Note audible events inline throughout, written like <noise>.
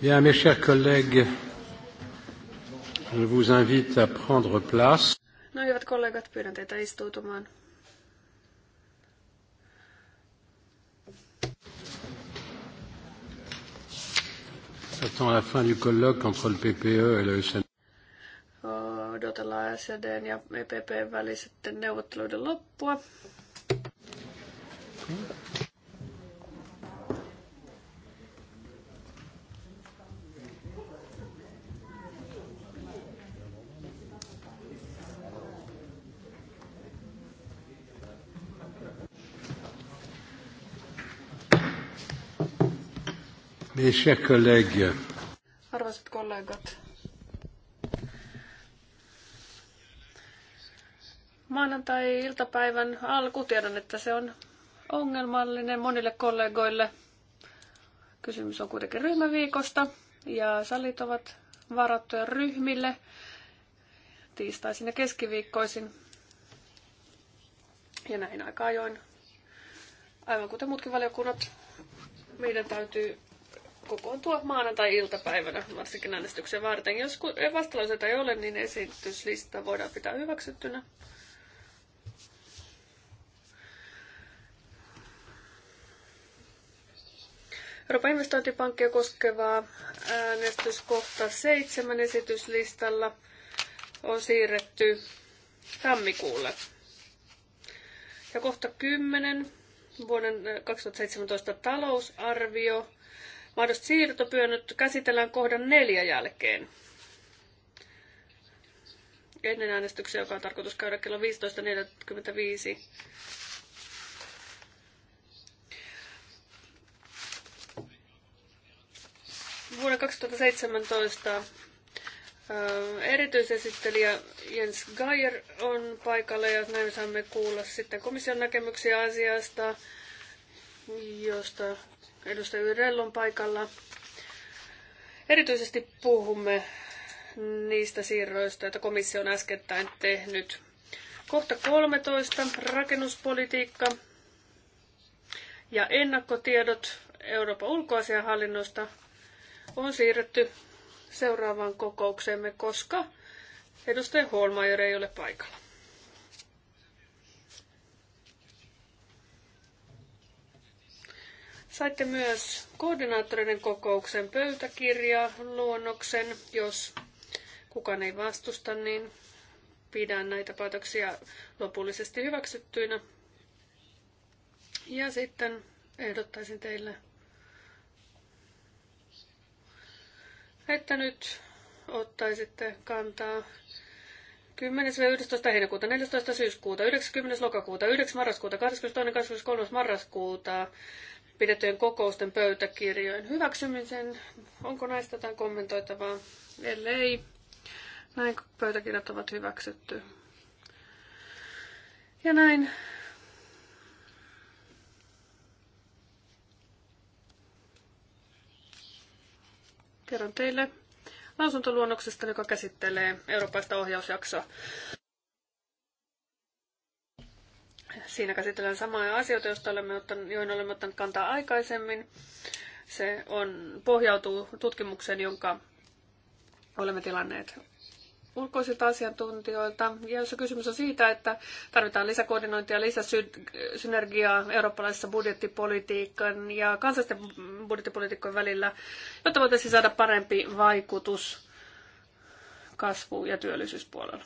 Bien, mes chers collègues, je vous invite à prendre place. No hyvät kollegat, pyydän teitä istuutumaan. J'attends la fin du colloque entre le PPE et le SND. Odotellaan SDn ja EPPn välisten neuvotteluiden loppua. Mm. Arvoisat kollegat, maanantai-iltapäivän alku tiedän, että se on ongelmallinen monille kollegoille. Kysymys on kuitenkin ryhmäviikosta ja salit ovat varattuja ryhmille tiistaisin ja keskiviikkoisin. Ja näin aika ajoin, aivan kuten muutkin valiokunnat, meidän täytyy kokoontua maanantai-iltapäivänä varsinkin äänestyksen varten. Jos vastalauseita ei ole, niin esityslista voidaan pitää hyväksyttynä. Euroopan investointipankkia koskevaa äänestyskohta seitsemän esityslistalla on siirretty tammikuulle. Ja kohta 10 vuoden 2017 eh, talousarvio Mahdolliset siirtopyynnöt käsitellään kohdan neljä jälkeen. Ennen äänestyksiä, joka on tarkoitus käydä kello 15.45. Vuonna 2017 Erityisesittelijä Jens Geier on paikalla ja näin saamme kuulla sitten komission näkemyksiä asiasta, josta Edustaja Yrellon paikalla. Erityisesti puhumme niistä siirroista, joita komissio on äskettäin tehnyt. Kohta 13, rakennuspolitiikka ja ennakkotiedot Euroopan ulkoasianhallinnosta on siirretty seuraavaan kokoukseemme, koska edustaja Holmajer ei ole paikalla. Saitte myös koordinaattoreiden kokouksen pöytäkirja luonnoksen. Jos kukaan ei vastusta, niin pidän näitä päätöksiä lopullisesti hyväksyttyinä. Ja sitten ehdottaisin teille, että nyt ottaisitte kantaa 10-11 heinäkuuta, 14. syyskuuta, 90. lokakuuta, 9. marraskuuta, 22. 23. marraskuuta, pidettyjen kokousten pöytäkirjojen hyväksymisen. Onko näistä jotain kommentoitavaa? Ellei, näin pöytäkirjat ovat hyväksytty. Ja näin kerron teille lausuntoluonnoksesta, joka käsittelee Euroopasta ohjausjaksoa. Siinä käsitellään samoja asioita, joista olemme ottanut, joihin olemme ottaneet kantaa aikaisemmin. Se on, pohjautuu tutkimukseen, jonka olemme tilanneet ulkoisilta asiantuntijoilta. Ja jos kysymys on siitä, että tarvitaan lisäkoordinointia, lisäsynergiaa eurooppalaisessa budjettipolitiikan ja kansallisten budjettipolitiikkojen välillä, jotta voitaisiin saada parempi vaikutus kasvu- ja työllisyyspuolella.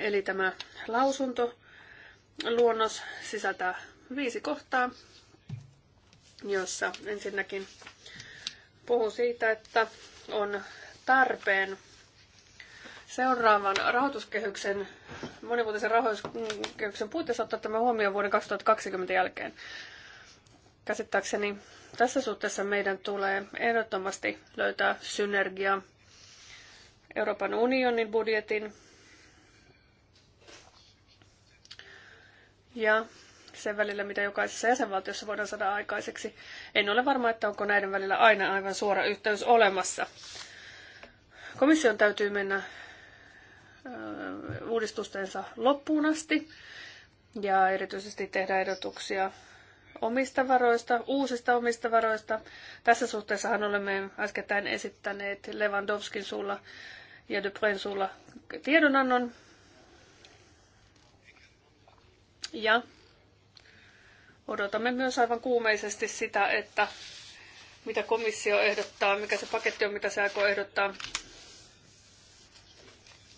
Eli tämä lausunto luonnos sisältää viisi kohtaa, jossa ensinnäkin puhuu siitä, että on tarpeen seuraavan rahoituskehyksen, monivuotisen rahoituskehyksen puitteissa ottaa tämä huomioon vuoden 2020 jälkeen. Käsittääkseni tässä suhteessa meidän tulee ehdottomasti löytää synergia Euroopan unionin budjetin ja sen välillä, mitä jokaisessa jäsenvaltiossa voidaan saada aikaiseksi. En ole varma, että onko näiden välillä aina aivan suora yhteys olemassa. Komission täytyy mennä uudistustensa loppuun asti ja erityisesti tehdä ehdotuksia omista varoista, uusista omista varoista. Tässä suhteessahan olemme äskettäin esittäneet Lewandowskin suulla ja Dupren suulla tiedonannon ja odotamme myös aivan kuumeisesti sitä, että mitä komissio ehdottaa, mikä se paketti on, mitä se aikoo ehdottaa,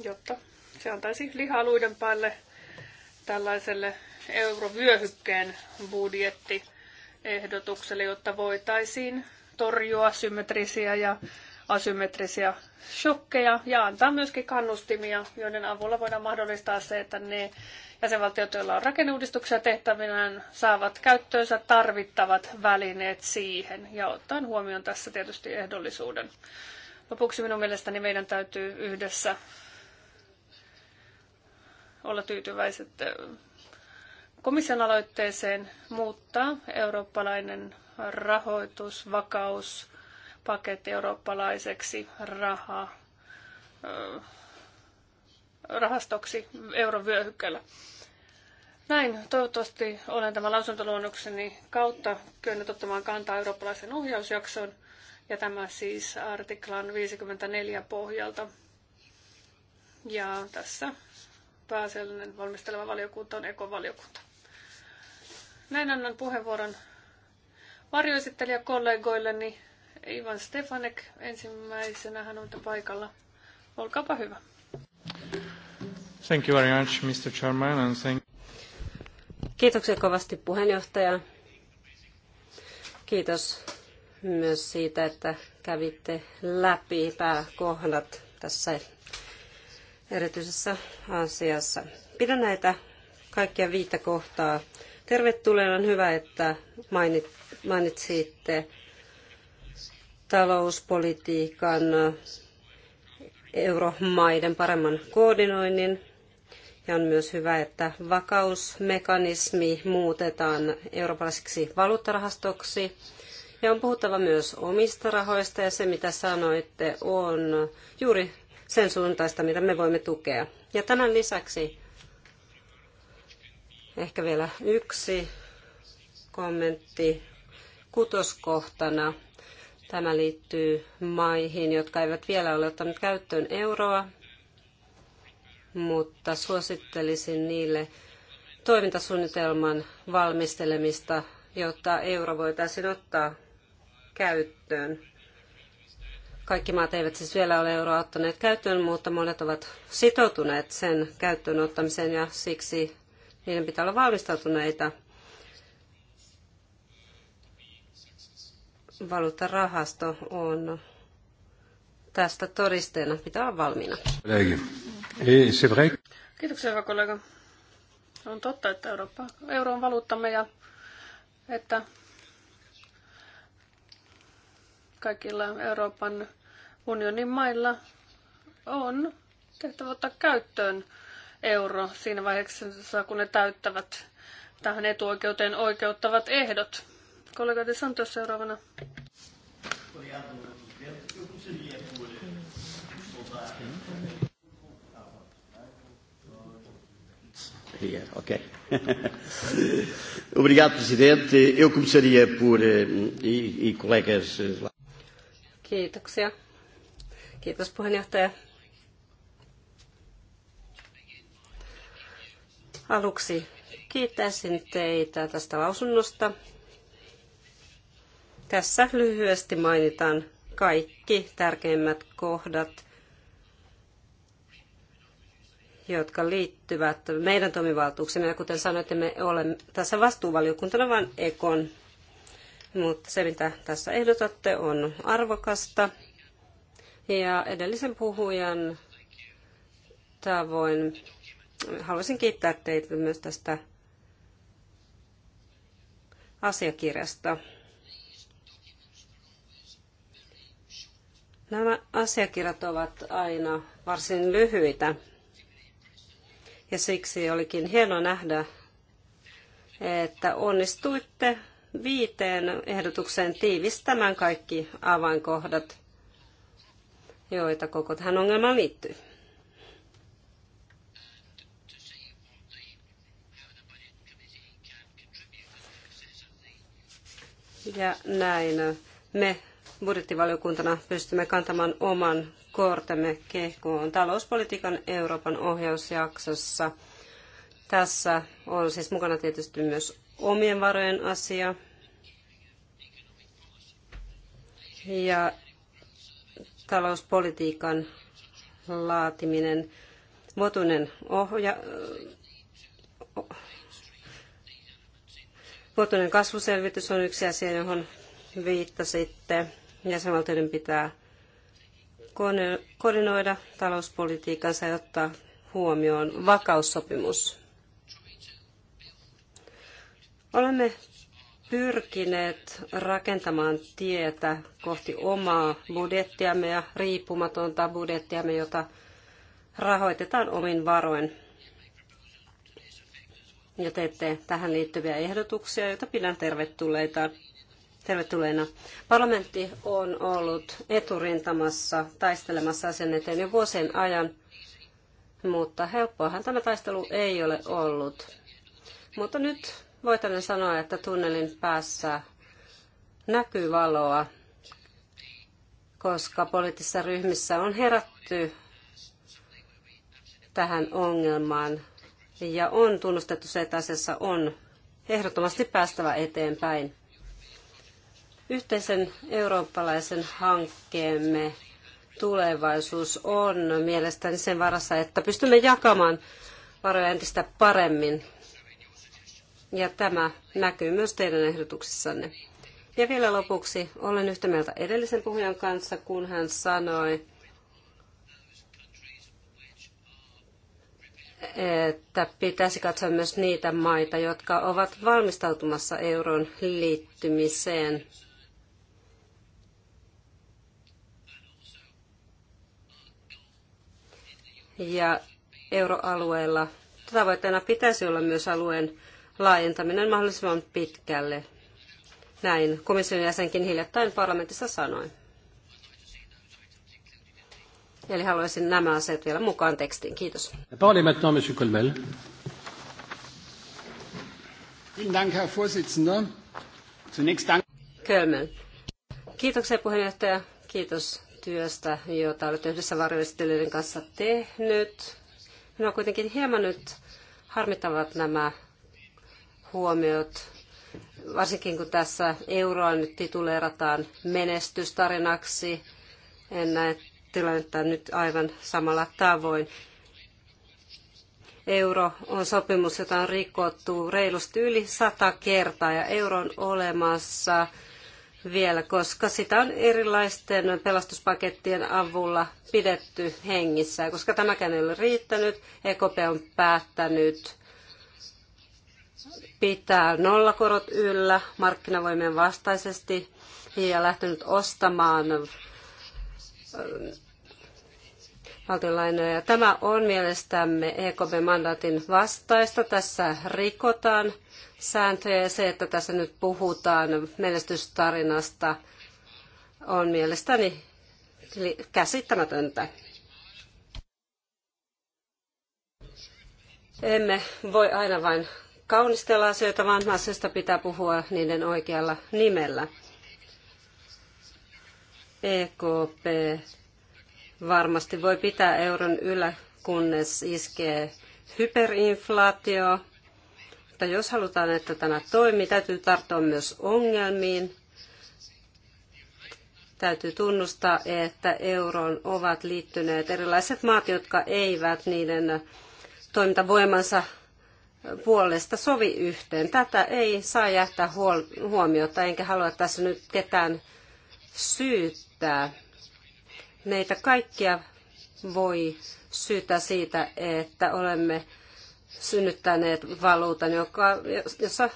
jotta se antaisi lihaa luiden päälle tällaiselle eurovyöhykkeen budjettiehdotukselle, jotta voitaisiin torjua symmetrisiä ja asymmetrisiä shokkeja ja antaa myöskin kannustimia, joiden avulla voidaan mahdollistaa se, että ne jäsenvaltiot, joilla on rakenneuudistuksia tehtävinään, saavat käyttöönsä tarvittavat välineet siihen ja ottaen huomioon tässä tietysti ehdollisuuden. Lopuksi minun mielestäni meidän täytyy yhdessä olla tyytyväiset komission aloitteeseen muuttaa eurooppalainen rahoitusvakaus paketti eurooppalaiseksi raha, rahastoksi eurovyöhykkeellä. Näin toivottavasti olen tämän lausuntoluonnokseni kautta kyennyt ottamaan kantaa eurooppalaisen ohjausjakson ja tämä siis artiklan 54 pohjalta. Ja tässä pääasiallinen valmisteleva valiokunta on ekovaliokunta. Näin annan puheenvuoron varjoesittelijäkollegoilleni Ivan Stefanek ensimmäisenä hän on paikalla. Olkaapa hyvä. Thank you very much, Mr. Chairman, and thank... Kiitoksia kovasti puheenjohtaja. Kiitos myös siitä, että kävitte läpi pääkohdat tässä erityisessä asiassa. Pidän näitä kaikkia viittä kohtaa. Tervetuloa, on hyvä, että mainitsitte talouspolitiikan euromaiden paremman koordinoinnin. Ja on myös hyvä, että vakausmekanismi muutetaan eurooppalaiseksi valuuttarahastoksi. Ja on puhuttava myös omista rahoista ja se, mitä sanoitte, on juuri sen suuntaista, mitä me voimme tukea. Ja tämän lisäksi ehkä vielä yksi kommentti kutoskohtana Tämä liittyy maihin, jotka eivät vielä ole ottaneet käyttöön euroa, mutta suosittelisin niille toimintasuunnitelman valmistelemista, jotta euro voitaisiin ottaa käyttöön. Kaikki maat eivät siis vielä ole euroa ottaneet käyttöön, mutta monet ovat sitoutuneet sen käyttöön ottamiseen ja siksi niiden pitää olla valmistautuneita valuuttarahasto on tästä todisteena. Pitää olla valmiina. Kiitoksia, hyvä kollega. On totta, että Eurooppa, euro on valuuttamme ja että kaikilla Euroopan unionin mailla on tehtävä ottaa käyttöön euro siinä vaiheessa, kun ne täyttävät tähän etuoikeuteen oikeuttavat ehdot. Kollega De Santos seuraavana. Here, ok. <laughs> Obrigado, Presidente. Eu começaria por. Eh, e, e colegas. Eh, Kiitos, puheenjohtaja. Aluksi kiittäisin teitä tästä lausunnosta tässä lyhyesti mainitaan kaikki tärkeimmät kohdat, jotka liittyvät meidän toimivaltuuksemme. Ja kuten sanoitte, me olemme tässä vastuuvaliokuntana vain ekon. Mutta se, mitä tässä ehdotatte, on arvokasta. Ja edellisen puhujan tavoin haluaisin kiittää teitä myös tästä asiakirjasta. Nämä asiakirjat ovat aina varsin lyhyitä. Ja siksi olikin hieno nähdä, että onnistuitte viiteen ehdotukseen tiivistämään kaikki avainkohdat, joita koko tähän ongelmaan liittyy. Ja näin me budjettivaliokuntana pystymme kantamaan oman kortemme kehkoon talouspolitiikan Euroopan ohjausjaksossa. Tässä on siis mukana tietysti myös omien varojen asia. Ja talouspolitiikan laatiminen, vuotuinen ohja, vuotuinen kasvuselvitys on yksi asia, johon viittasitte. Jäsenvaltioiden pitää koordinoida talouspolitiikansa ja ottaa huomioon vakaussopimus. Olemme pyrkineet rakentamaan tietä kohti omaa budjettiamme ja riippumatonta budjettiamme, jota rahoitetaan omin varoin. Ja teette tähän liittyviä ehdotuksia, joita pidän tervetulleita tervetulleena. Parlamentti on ollut eturintamassa taistelemassa sen eteen jo vuosien ajan, mutta helppoahan tämä taistelu ei ole ollut. Mutta nyt voitainen sanoa, että tunnelin päässä näkyy valoa, koska poliittisissa ryhmissä on herätty tähän ongelmaan ja on tunnustettu se, että asiassa on ehdottomasti päästävä eteenpäin. Yhteisen eurooppalaisen hankkeemme tulevaisuus on mielestäni sen varassa, että pystymme jakamaan varoja entistä paremmin. Ja tämä näkyy myös teidän ehdotuksissanne. Ja vielä lopuksi olen yhtä mieltä edellisen puhujan kanssa, kun hän sanoi, että pitäisi katsoa myös niitä maita, jotka ovat valmistautumassa euron liittymiseen. ja euroalueella tavoitteena pitäisi olla myös alueen laajentaminen mahdollisimman pitkälle. Näin komission jäsenkin hiljattain parlamentissa sanoi. Eli haluaisin nämä asiat vielä mukaan tekstiin. Kiitos. Kölmel. Kiitoksia puheenjohtaja. Kiitos työstä, jota olet yhdessä varjoistelijoiden kanssa tehnyt. Minua kuitenkin hieman nyt harmittavat nämä huomiot, varsinkin kun tässä euroa nyt tituleerataan menestystarinaksi. En näe tilannetta nyt aivan samalla tavoin. Euro on sopimus, jota on rikottu reilusti yli sata kertaa ja euro on olemassa vielä, koska sitä on erilaisten pelastuspakettien avulla pidetty hengissä. Koska tämäkään ei ole riittänyt, EKP on päättänyt pitää nollakorot yllä markkinavoimien vastaisesti ja lähtenyt ostamaan valtionlainoja. Tämä on mielestämme EKB-mandaatin vastaista. Tässä rikotaan sääntöjä ja se, että tässä nyt puhutaan menestystarinasta, on mielestäni käsittämätöntä. Emme voi aina vain kaunistella asioita, vaan asioista pitää puhua niiden oikealla nimellä. EKP varmasti voi pitää euron yllä, kunnes iskee hyperinflaatio. Mutta jos halutaan, että tämä toimii, täytyy tarttua myös ongelmiin. Täytyy tunnustaa, että euron ovat liittyneet erilaiset maat, jotka eivät niiden toimintavoimansa puolesta sovi yhteen. Tätä ei saa jättää huomiota, enkä halua tässä nyt ketään syyttää. Meitä kaikkia voi syytä siitä, että olemme synnyttäneet valuutan, joka, jossa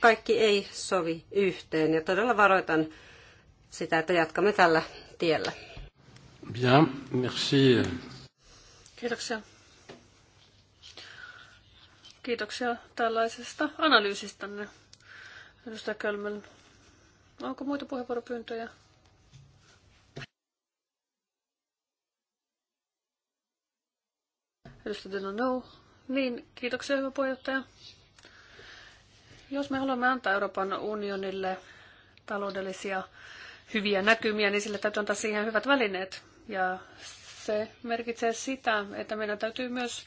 kaikki ei sovi yhteen. Ja todella varoitan sitä, että jatkamme tällä tiellä. Bien, merci. Kiitoksia. Kiitoksia tällaisesta analyysistanne, edustaja Kölmel. Onko muita puheenvuoropyyntöjä? Edustaja no. Niin, kiitoksia hyvä puheenjohtaja. Jos me haluamme antaa Euroopan unionille taloudellisia hyviä näkymiä, niin sille täytyy antaa siihen hyvät välineet. Ja se merkitsee sitä, että meidän täytyy myös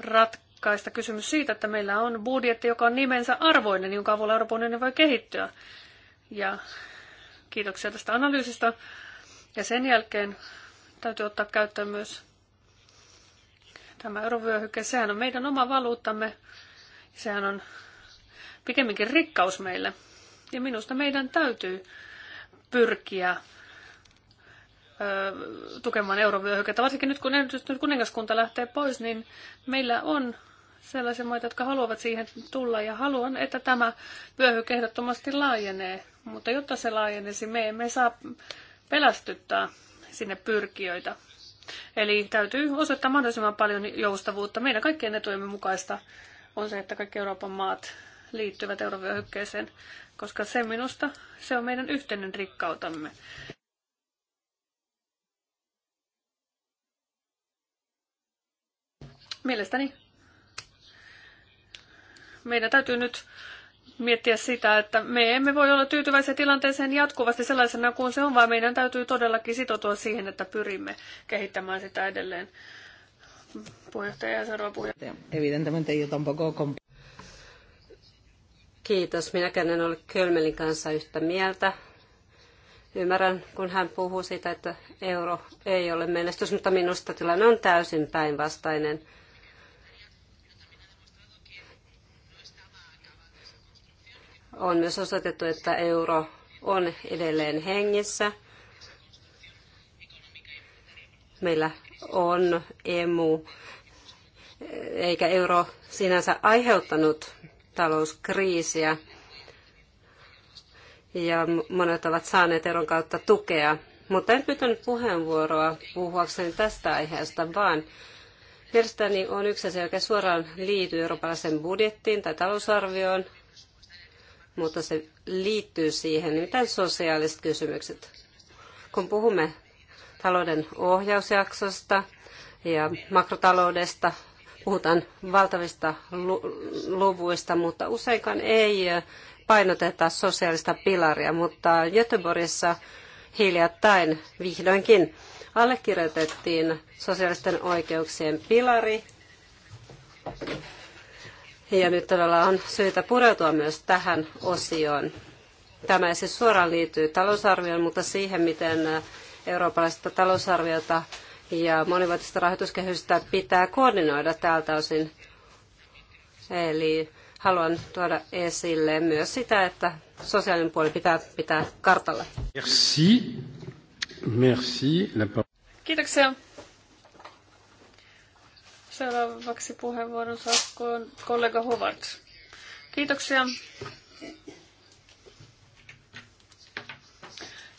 ratkaista kysymys siitä, että meillä on budjetti, joka on nimensä arvoinen, jonka avulla Euroopan unioni voi kehittyä. Ja kiitoksia tästä analyysistä. Ja sen jälkeen täytyy ottaa käyttöön myös Tämä eurovyöhyke, sehän on meidän oma valuuttamme. Sehän on pikemminkin rikkaus meille. Ja minusta meidän täytyy pyrkiä tukemaan eurovyöhykettä. Varsinkin nyt kun kuningaskunta lähtee pois, niin meillä on sellaisia maita, jotka haluavat siihen tulla ja haluan, että tämä vyöhyke ehdottomasti laajenee. Mutta jotta se laajenisi, me emme saa pelästyttää sinne pyrkijöitä. Eli täytyy osoittaa mahdollisimman paljon joustavuutta. Meidän kaikkien etujemme mukaista on se, että kaikki Euroopan maat liittyvät eurovyöhykkeeseen, koska se minusta se on meidän yhteinen rikkautamme. Mielestäni meidän täytyy nyt miettiä sitä, että me emme voi olla tyytyväisiä tilanteeseen jatkuvasti sellaisena kuin se on, vaan meidän täytyy todellakin sitoutua siihen, että pyrimme kehittämään sitä edelleen. Puheenjohtaja ja seuraava puheenjohtaja. Evidentemente yo tampoco Kiitos. Minäkään en ole Kölmelin kanssa yhtä mieltä. Ymmärrän, kun hän puhuu siitä, että euro ei ole menestys, mutta minusta tilanne on täysin päinvastainen. On myös osoitettu, että euro on edelleen hengissä. Meillä on emu, eikä euro sinänsä aiheuttanut talouskriisiä. Ja monet ovat saaneet eron kautta tukea. Mutta en pyytänyt puheenvuoroa puhuakseni tästä aiheesta, vaan mielestäni on yksi asia, joka suoraan liittyy eurooppalaisen budjettiin tai talousarvioon, mutta se liittyy siihen, mitä sosiaaliset kysymykset. Kun puhumme talouden ohjausjaksosta ja makrotaloudesta, puhutaan valtavista luvuista, mutta useinkaan ei painoteta sosiaalista pilaria, mutta Göteborgissa hiljattain vihdoinkin allekirjoitettiin sosiaalisten oikeuksien pilari, ja nyt todella on syytä pureutua myös tähän osioon. Tämä ei siis suoraan liittyy talousarvioon, mutta siihen, miten äh, eurooppalaista talousarviota ja monivuotista rahoituskehystä pitää koordinoida tältä osin. Eli haluan tuoda esille myös sitä, että sosiaalinen puoli pitää pitää kartalla. Merci. Merci. Kiitoksia. Seuraavaksi puheenvuoron saa kollega Howard. Kiitoksia.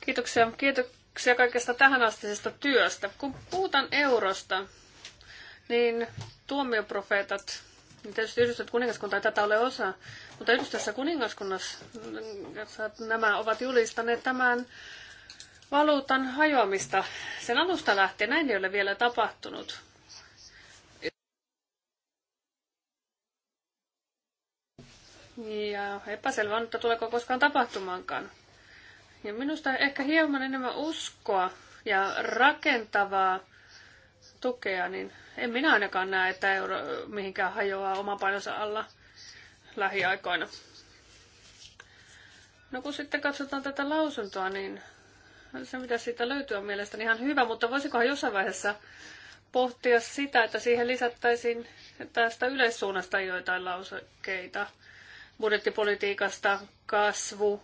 Kiitoksia. Kiitoksia kaikesta tähänastisesta työstä. Kun puhutaan eurosta, niin tuomioprofeetat, niin tietysti yhdistetty kuningaskunta ei tätä ole osa, mutta yhdistyssä kuningaskunnassa nämä ovat julistaneet tämän valuutan hajoamista. Sen alusta lähtien näin ei ole vielä tapahtunut. Ja epäselvä on, että tuleeko koskaan tapahtumaankaan. Ja minusta ehkä hieman enemmän uskoa ja rakentavaa tukea, niin en minä ainakaan näe, että euro mihinkään hajoaa oman painonsa alla lähiaikoina. No kun sitten katsotaan tätä lausuntoa, niin se mitä siitä löytyy on mielestäni ihan hyvä, mutta voisikohan jossain vaiheessa pohtia sitä, että siihen lisättäisiin tästä yleissuunnasta joitain lausekkeita – budjettipolitiikasta, kasvu,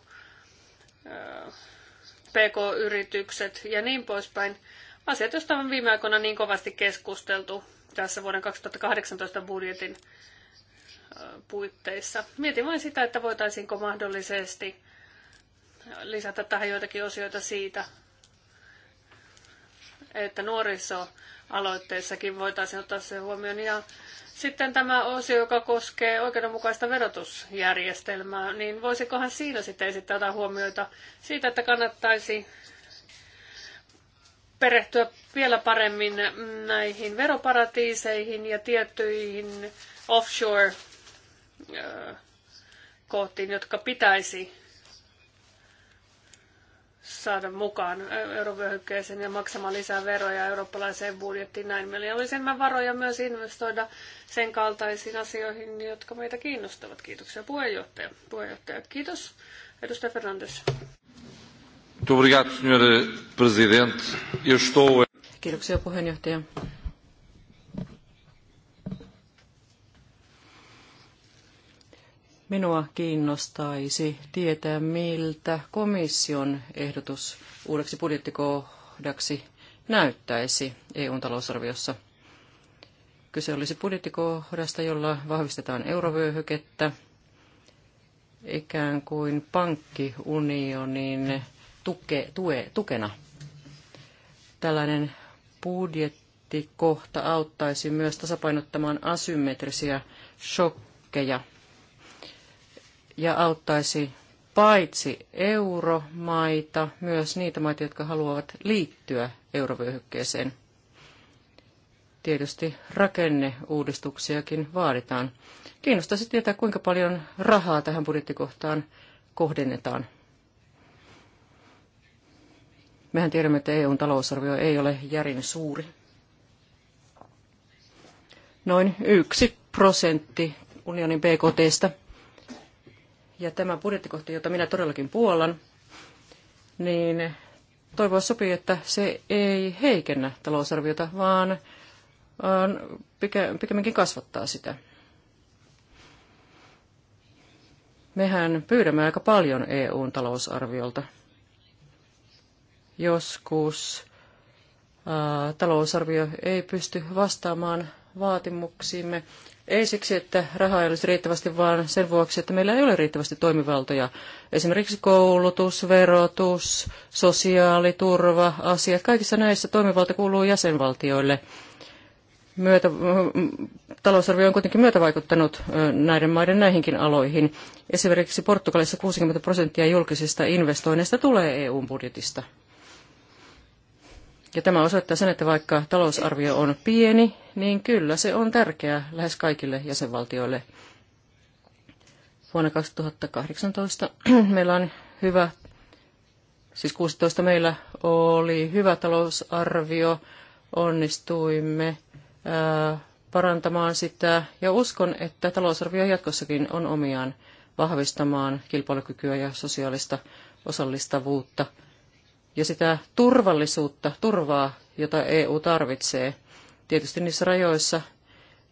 pk-yritykset ja niin poispäin. Asiat, joista on viime aikoina niin kovasti keskusteltu tässä vuoden 2018 budjetin puitteissa. Mietin vain sitä, että voitaisiinko mahdollisesti lisätä tähän joitakin osioita siitä, että nuorisoaloitteissakin voitaisiin ottaa se huomioon ja sitten tämä osio, joka koskee oikeudenmukaista verotusjärjestelmää, niin voisikohan siinä sitten esittää jotain huomioita siitä, että kannattaisi perehtyä vielä paremmin näihin veroparatiiseihin ja tiettyihin offshore-kohtiin, jotka pitäisi saada mukaan eurovyöhykkeeseen ja maksamaan lisää veroja eurooppalaiseen budjettiin. Näin meillä olisi enemmän varoja myös investoida sen kaltaisiin asioihin, jotka meitä kiinnostavat. Kiitoksia puheenjohtaja. Puheenjohtaja, kiitos. Edustaja Fernandes. Kiitoksia puheenjohtaja. Minua kiinnostaisi tietää, miltä komission ehdotus uudeksi budjettikohdaksi näyttäisi EUn talousarviossa. Kyse olisi budjettikohdasta, jolla vahvistetaan eurovyöhykettä, ikään kuin pankkiunionin tuke, tue, tukena. Tällainen budjettikohta auttaisi myös tasapainottamaan asymmetrisiä shokkeja – ja auttaisi paitsi euromaita, myös niitä maita, jotka haluavat liittyä eurovyöhykkeeseen. Tietysti rakenneuudistuksiakin vaaditaan. Kiinnostaisi tietää, kuinka paljon rahaa tähän budjettikohtaan kohdennetaan. Mehän tiedämme, että EUn talousarvio ei ole järin suuri. Noin yksi prosentti unionin BKTstä ja tämä budjettikohta, jota minä todellakin puolan, niin toivoa sopii, että se ei heikennä talousarviota, vaan äh, pikemminkin kasvattaa sitä. Mehän pyydämme aika paljon EUn talousarviolta. Joskus ää, äh, talousarvio ei pysty vastaamaan vaatimuksiimme. Ei siksi, että rahaa ei olisi riittävästi, vaan sen vuoksi, että meillä ei ole riittävästi toimivaltoja. Esimerkiksi koulutus, verotus, sosiaaliturva, asiat, kaikissa näissä toimivalta kuuluu jäsenvaltioille. Myötä, talousarvio on kuitenkin myötävaikuttanut näiden maiden näihinkin aloihin. Esimerkiksi Portugalissa 60 prosenttia julkisista investoinneista tulee EU-budjetista. Ja tämä osoittaa sen, että vaikka talousarvio on pieni, niin kyllä se on tärkeä lähes kaikille jäsenvaltioille. Vuonna 2018 <clears throat> meillä on hyvä, siis 16 meillä oli hyvä talousarvio, onnistuimme ää, parantamaan sitä ja uskon, että talousarvio jatkossakin on omiaan vahvistamaan kilpailukykyä ja sosiaalista osallistavuutta – ja sitä turvallisuutta, turvaa, jota EU tarvitsee, tietysti niissä rajoissa,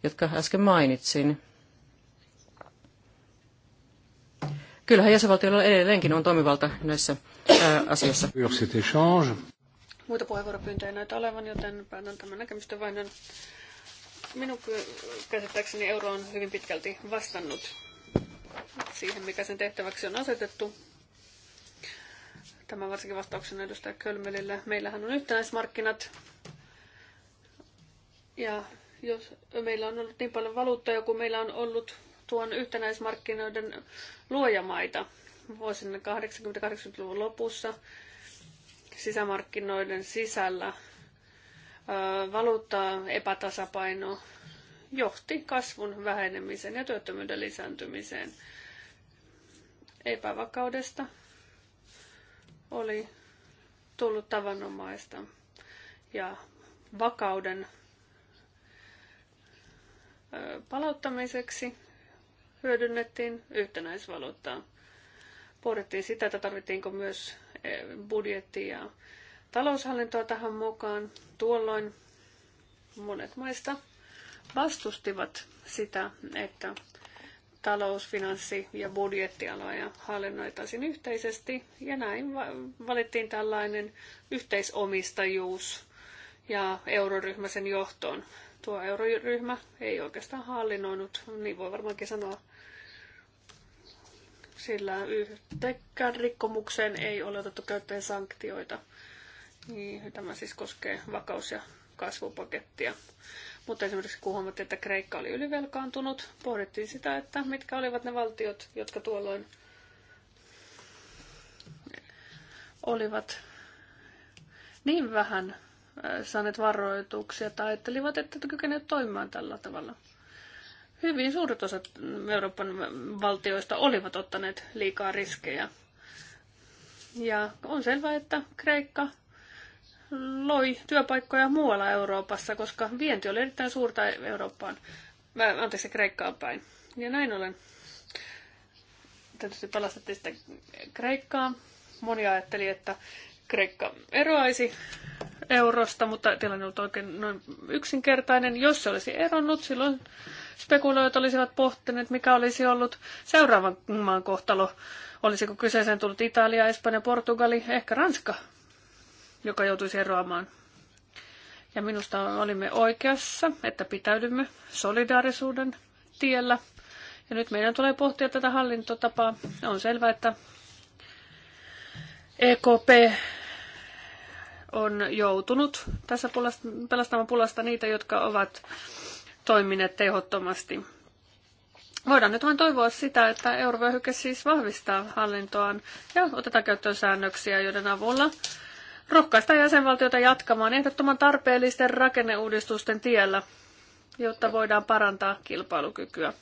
jotka äsken mainitsin. Kyllähän jäsenvaltioilla edelleenkin on toimivalta näissä ää, asioissa. Muita puheenvuoropyyntöjä ei näytä olevan, joten päätän tämän näkemystä vaihdon. Minun käsittääkseni euro on hyvin pitkälti vastannut siihen, mikä sen tehtäväksi on asetettu. Tämä varsinkin vastauksen edustaja Kölmelille. Meillähän on yhtenäismarkkinat. Ja jos meillä on ollut niin paljon valuuttaa, kuin meillä on ollut tuon yhtenäismarkkinoiden luojamaita vuosina 80-80-luvun lopussa sisämarkkinoiden sisällä valuuttaa epätasapaino johti kasvun vähenemiseen ja työttömyyden lisääntymiseen epävakaudesta oli tullut tavanomaista ja vakauden palauttamiseksi hyödynnettiin yhtenäisvaluuttaa. Pohdittiin sitä, että tarvittiinko myös budjetti ja taloushallintoa tähän mukaan. Tuolloin monet maista vastustivat sitä, että talous-, finanssi- ja budjettialoja hallinnoitaisiin yhteisesti. Ja näin valittiin tällainen yhteisomistajuus ja euroryhmä sen johtoon. Tuo euroryhmä ei oikeastaan hallinnoinut, niin voi varmaankin sanoa, sillä yhtäkään rikkomukseen ei ole otettu käyttöön sanktioita. Niin, tämä siis koskee vakaus- ja kasvupakettia. Mutta esimerkiksi kun huomattiin, että Kreikka oli ylivelkaantunut, pohdittiin sitä, että mitkä olivat ne valtiot, jotka tuolloin olivat niin vähän äh, saaneet varoituksia tai ajattelivat, että kykenevät toimimaan tällä tavalla. Hyvin suuret osat Euroopan valtioista olivat ottaneet liikaa riskejä. Ja on selvää, että Kreikka loi työpaikkoja muualla Euroopassa, koska vienti oli erittäin suurta Eurooppaan, äh, anteeksi Kreikkaan päin. Ja näin ollen tietysti pelastettiin sitten Kreikkaa. Moni ajatteli, että Kreikka eroaisi eurosta, mutta tilanne on oikein noin yksinkertainen. Jos se olisi eronnut, silloin spekuloijat olisivat pohtineet, mikä olisi ollut seuraavan maan kohtalo. Olisiko kyseeseen tullut Italia, Espanja, Portugali, ehkä Ranska joka joutuisi eroamaan. Ja minusta olimme oikeassa, että pitäydymme solidaarisuuden tiellä. Ja nyt meidän tulee pohtia tätä hallintotapaa. On selvää, että EKP on joutunut tässä pulasta, pelastamaan pulasta niitä, jotka ovat toimineet tehottomasti. Voidaan nyt vain toivoa sitä, että eurovyöhyke siis vahvistaa hallintoaan ja otetaan käyttöön säännöksiä, joiden avulla rohkaista jäsenvaltioita jatkamaan ehdottoman tarpeellisten rakenneuudistusten tiellä, jotta voidaan parantaa kilpailukykyä.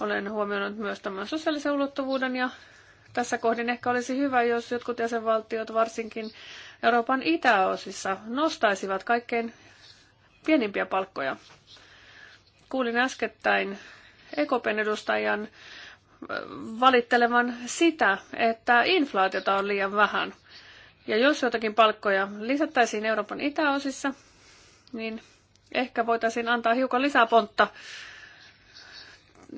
Olen huomioinut myös tämän sosiaalisen ulottuvuuden ja tässä kohdin ehkä olisi hyvä, jos jotkut jäsenvaltiot, varsinkin Euroopan itäosissa, nostaisivat kaikkein pienimpiä palkkoja. Kuulin äskettäin Ekopen edustajan valittelevan sitä, että inflaatiota on liian vähän. Ja jos jotakin palkkoja lisättäisiin Euroopan itäosissa, niin ehkä voitaisiin antaa hiukan lisää pontta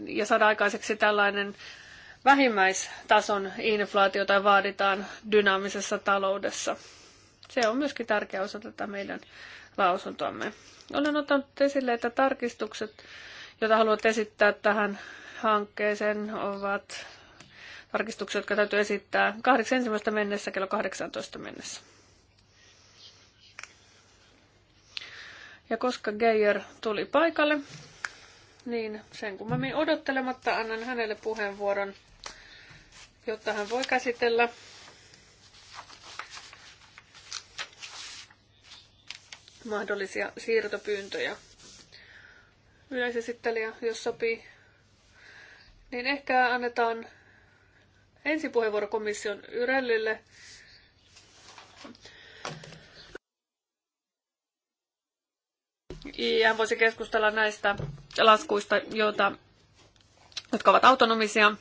ja saada aikaiseksi tällainen vähimmäistason inflaatio inflaatiota vaaditaan dynaamisessa taloudessa. Se on myöskin tärkeä osa tätä meidän lausuntoamme. Olen ottanut esille, että tarkistukset, joita haluat esittää tähän hankkeeseen, ovat tarkistuksia, jotka täytyy esittää 8.1. mennessä kello 18 mennessä. Ja koska Geijer tuli paikalle, niin sen kummemmin odottelematta annan hänelle puheenvuoron, jotta hän voi käsitellä mahdollisia siirtopyyntöjä. Yleisesittelijä, jos sopii, niin ehkä annetaan ensi puheenvuoro komission Yrellille. Ja hän voisi keskustella näistä laskuista, joita, jotka ovat autonomisia.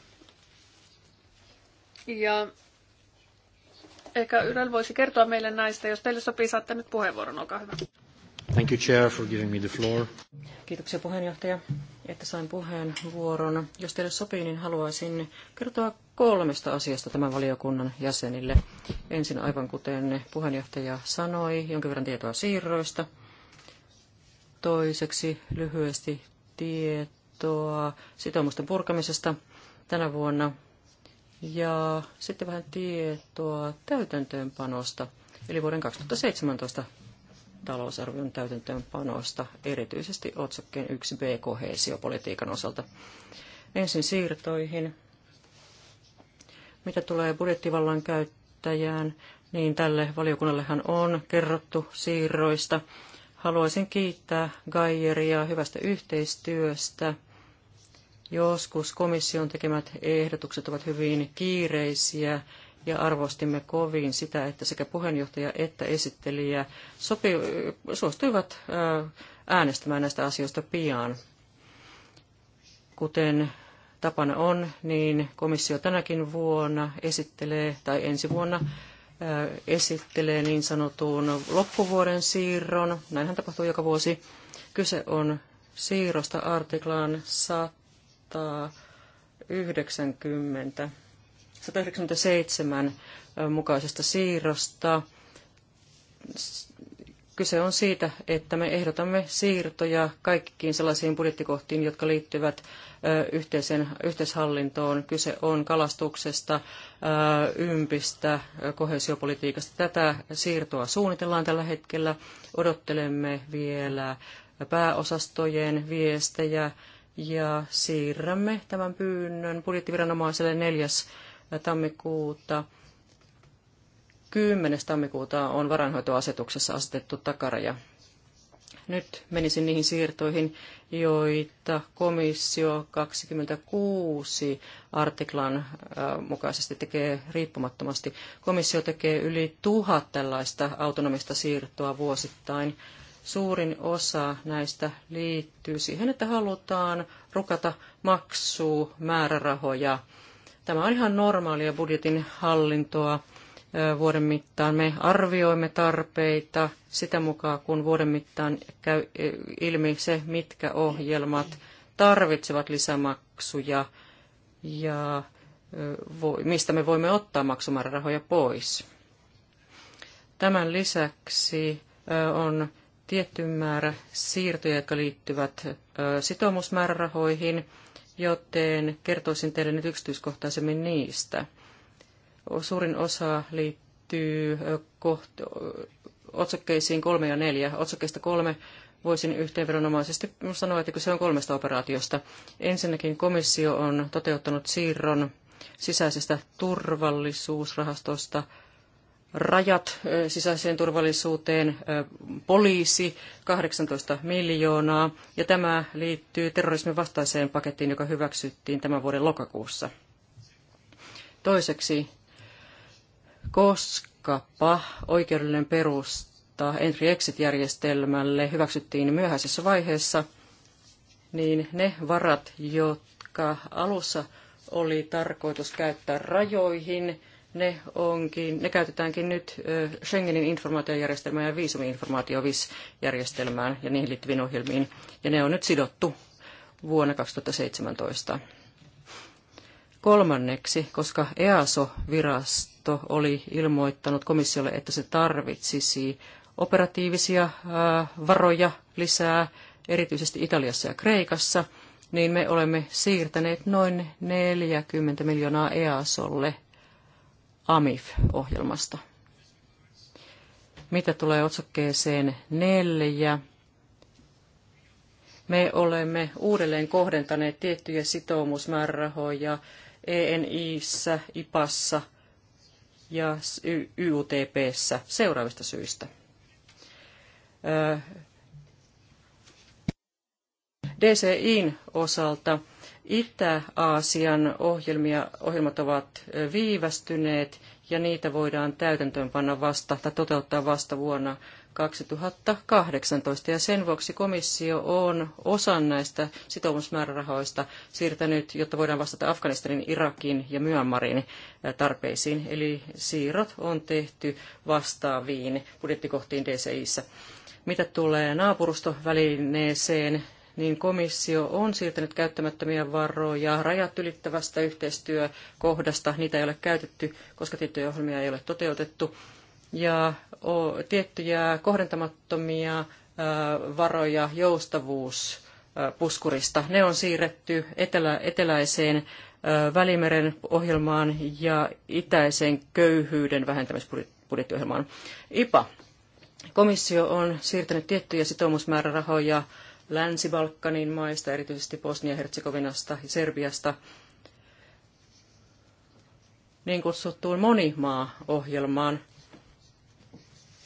Ja ehkä Yrel voisi kertoa meille näistä. Jos teille sopii, saatte nyt puheenvuoron. Olkaa hyvä. Thank you, Chair, for giving me the floor. Kiitoksia puheenjohtaja, että sain puheenvuoron. Jos teille sopii, niin haluaisin kertoa kolmesta asiasta tämän valiokunnan jäsenille. Ensin aivan kuten puheenjohtaja sanoi, jonkin verran tietoa siirroista. Toiseksi lyhyesti tietoa sitoumusten purkamisesta tänä vuonna. Ja sitten vähän tietoa täytäntöönpanosta, eli vuoden 2017 talousarvion täytäntöönpanosta, erityisesti otsakkeen 1b kohesiopolitiikan osalta. Ensin siirtoihin. Mitä tulee budjettivallan käyttäjään, niin tälle valiokunnallehan on kerrottu siirroista. Haluaisin kiittää Gaieria hyvästä yhteistyöstä. Joskus komission tekemät ehdotukset ovat hyvin kiireisiä ja arvostimme kovin sitä, että sekä puheenjohtaja että esittelijä sopi, suostuivat äänestämään näistä asioista pian. Kuten tapana on, niin komissio tänäkin vuonna esittelee, tai ensi vuonna esittelee niin sanotun loppuvuoden siirron. Näinhän tapahtuu joka vuosi. Kyse on siirrosta artiklaan 190, 197 mukaisesta siirrosta Kyse on siitä, että me ehdotamme siirtoja kaikkiin sellaisiin budjettikohtiin, jotka liittyvät yhteisen, yhteishallintoon. Kyse on kalastuksesta, ympistä, kohesiopolitiikasta. Tätä siirtoa suunnitellaan tällä hetkellä. Odottelemme vielä pääosastojen viestejä ja siirrämme tämän pyynnön budjettiviranomaiselle 4. tammikuuta 10. tammikuuta on varainhoitoasetuksessa asetettu takaraja. Nyt menisin niihin siirtoihin, joita komissio 26 artiklan mukaisesti tekee riippumattomasti. Komissio tekee yli tuhat tällaista autonomista siirtoa vuosittain. Suurin osa näistä liittyy siihen, että halutaan rukata maksuu määrärahoja. Tämä on ihan normaalia budjetin hallintoa vuoden mittaan. Me arvioimme tarpeita sitä mukaan, kun vuoden mittaan käy ilmi se, mitkä ohjelmat tarvitsevat lisämaksuja ja mistä me voimme ottaa maksumäärärahoja pois. Tämän lisäksi on tietty määrä siirtoja, jotka liittyvät sitoumusmäärärahoihin, joten kertoisin teille nyt yksityiskohtaisemmin niistä. Suurin osa liittyy koht- otsakkeisiin kolme ja neljä. Otsakkeista kolme voisin yhteenvedonomaisesti sanoa, että se on kolmesta operaatiosta. Ensinnäkin komissio on toteuttanut siirron sisäisestä turvallisuusrahastosta rajat sisäiseen turvallisuuteen, poliisi 18 miljoonaa ja tämä liittyy terrorismin vastaiseen pakettiin, joka hyväksyttiin tämän vuoden lokakuussa. Toiseksi koska oikeudellinen perusta entry-exit-järjestelmälle hyväksyttiin myöhäisessä vaiheessa, niin ne varat, jotka alussa oli tarkoitus käyttää rajoihin, ne, onkin, ne käytetäänkin nyt Schengenin informaatiojärjestelmään ja viisumiinformaatiovis-järjestelmään ja niihin liittyviin ohjelmiin, ja ne on nyt sidottu vuonna 2017. Kolmanneksi, koska EASO-virasto neuvosto oli ilmoittanut komissiolle, että se tarvitsisi operatiivisia äh, varoja lisää, erityisesti Italiassa ja Kreikassa, niin me olemme siirtäneet noin 40 miljoonaa EASolle AMIF-ohjelmasta. Mitä tulee otsakkeeseen neljä, me olemme uudelleen kohdentaneet tiettyjä sitoumusmäärärahoja ENIssä, IPassa – ja YUTPssä seuraavista syistä. DCIn osalta Itä-Aasian ohjelmia, ohjelmat ovat viivästyneet ja niitä voidaan täytäntöönpanna vasta tai toteuttaa vasta vuonna 2018 ja sen vuoksi komissio on osan näistä sitoumusmäärärahoista siirtänyt, jotta voidaan vastata Afganistanin, Irakin ja Myanmarin tarpeisiin. Eli siirrot on tehty vastaaviin budjettikohtiin DCIssä. Mitä tulee naapurustovälineeseen, niin komissio on siirtänyt käyttämättömiä varoja rajat ylittävästä yhteistyökohdasta. Niitä ei ole käytetty, koska tiettyjä ohjelmia ei ole toteutettu ja tiettyjä kohdentamattomia varoja joustavuuspuskurista. Ne on siirretty etelä, eteläiseen Välimeren ohjelmaan ja itäisen köyhyyden vähentämisbudjettiohjelmaan. IPA. Komissio on siirtänyt tiettyjä sitoumusmäärärahoja Länsi-Balkanin maista, erityisesti Bosnia-Herzegovinasta ja Serbiasta, niin kutsuttuun monimaa-ohjelmaan –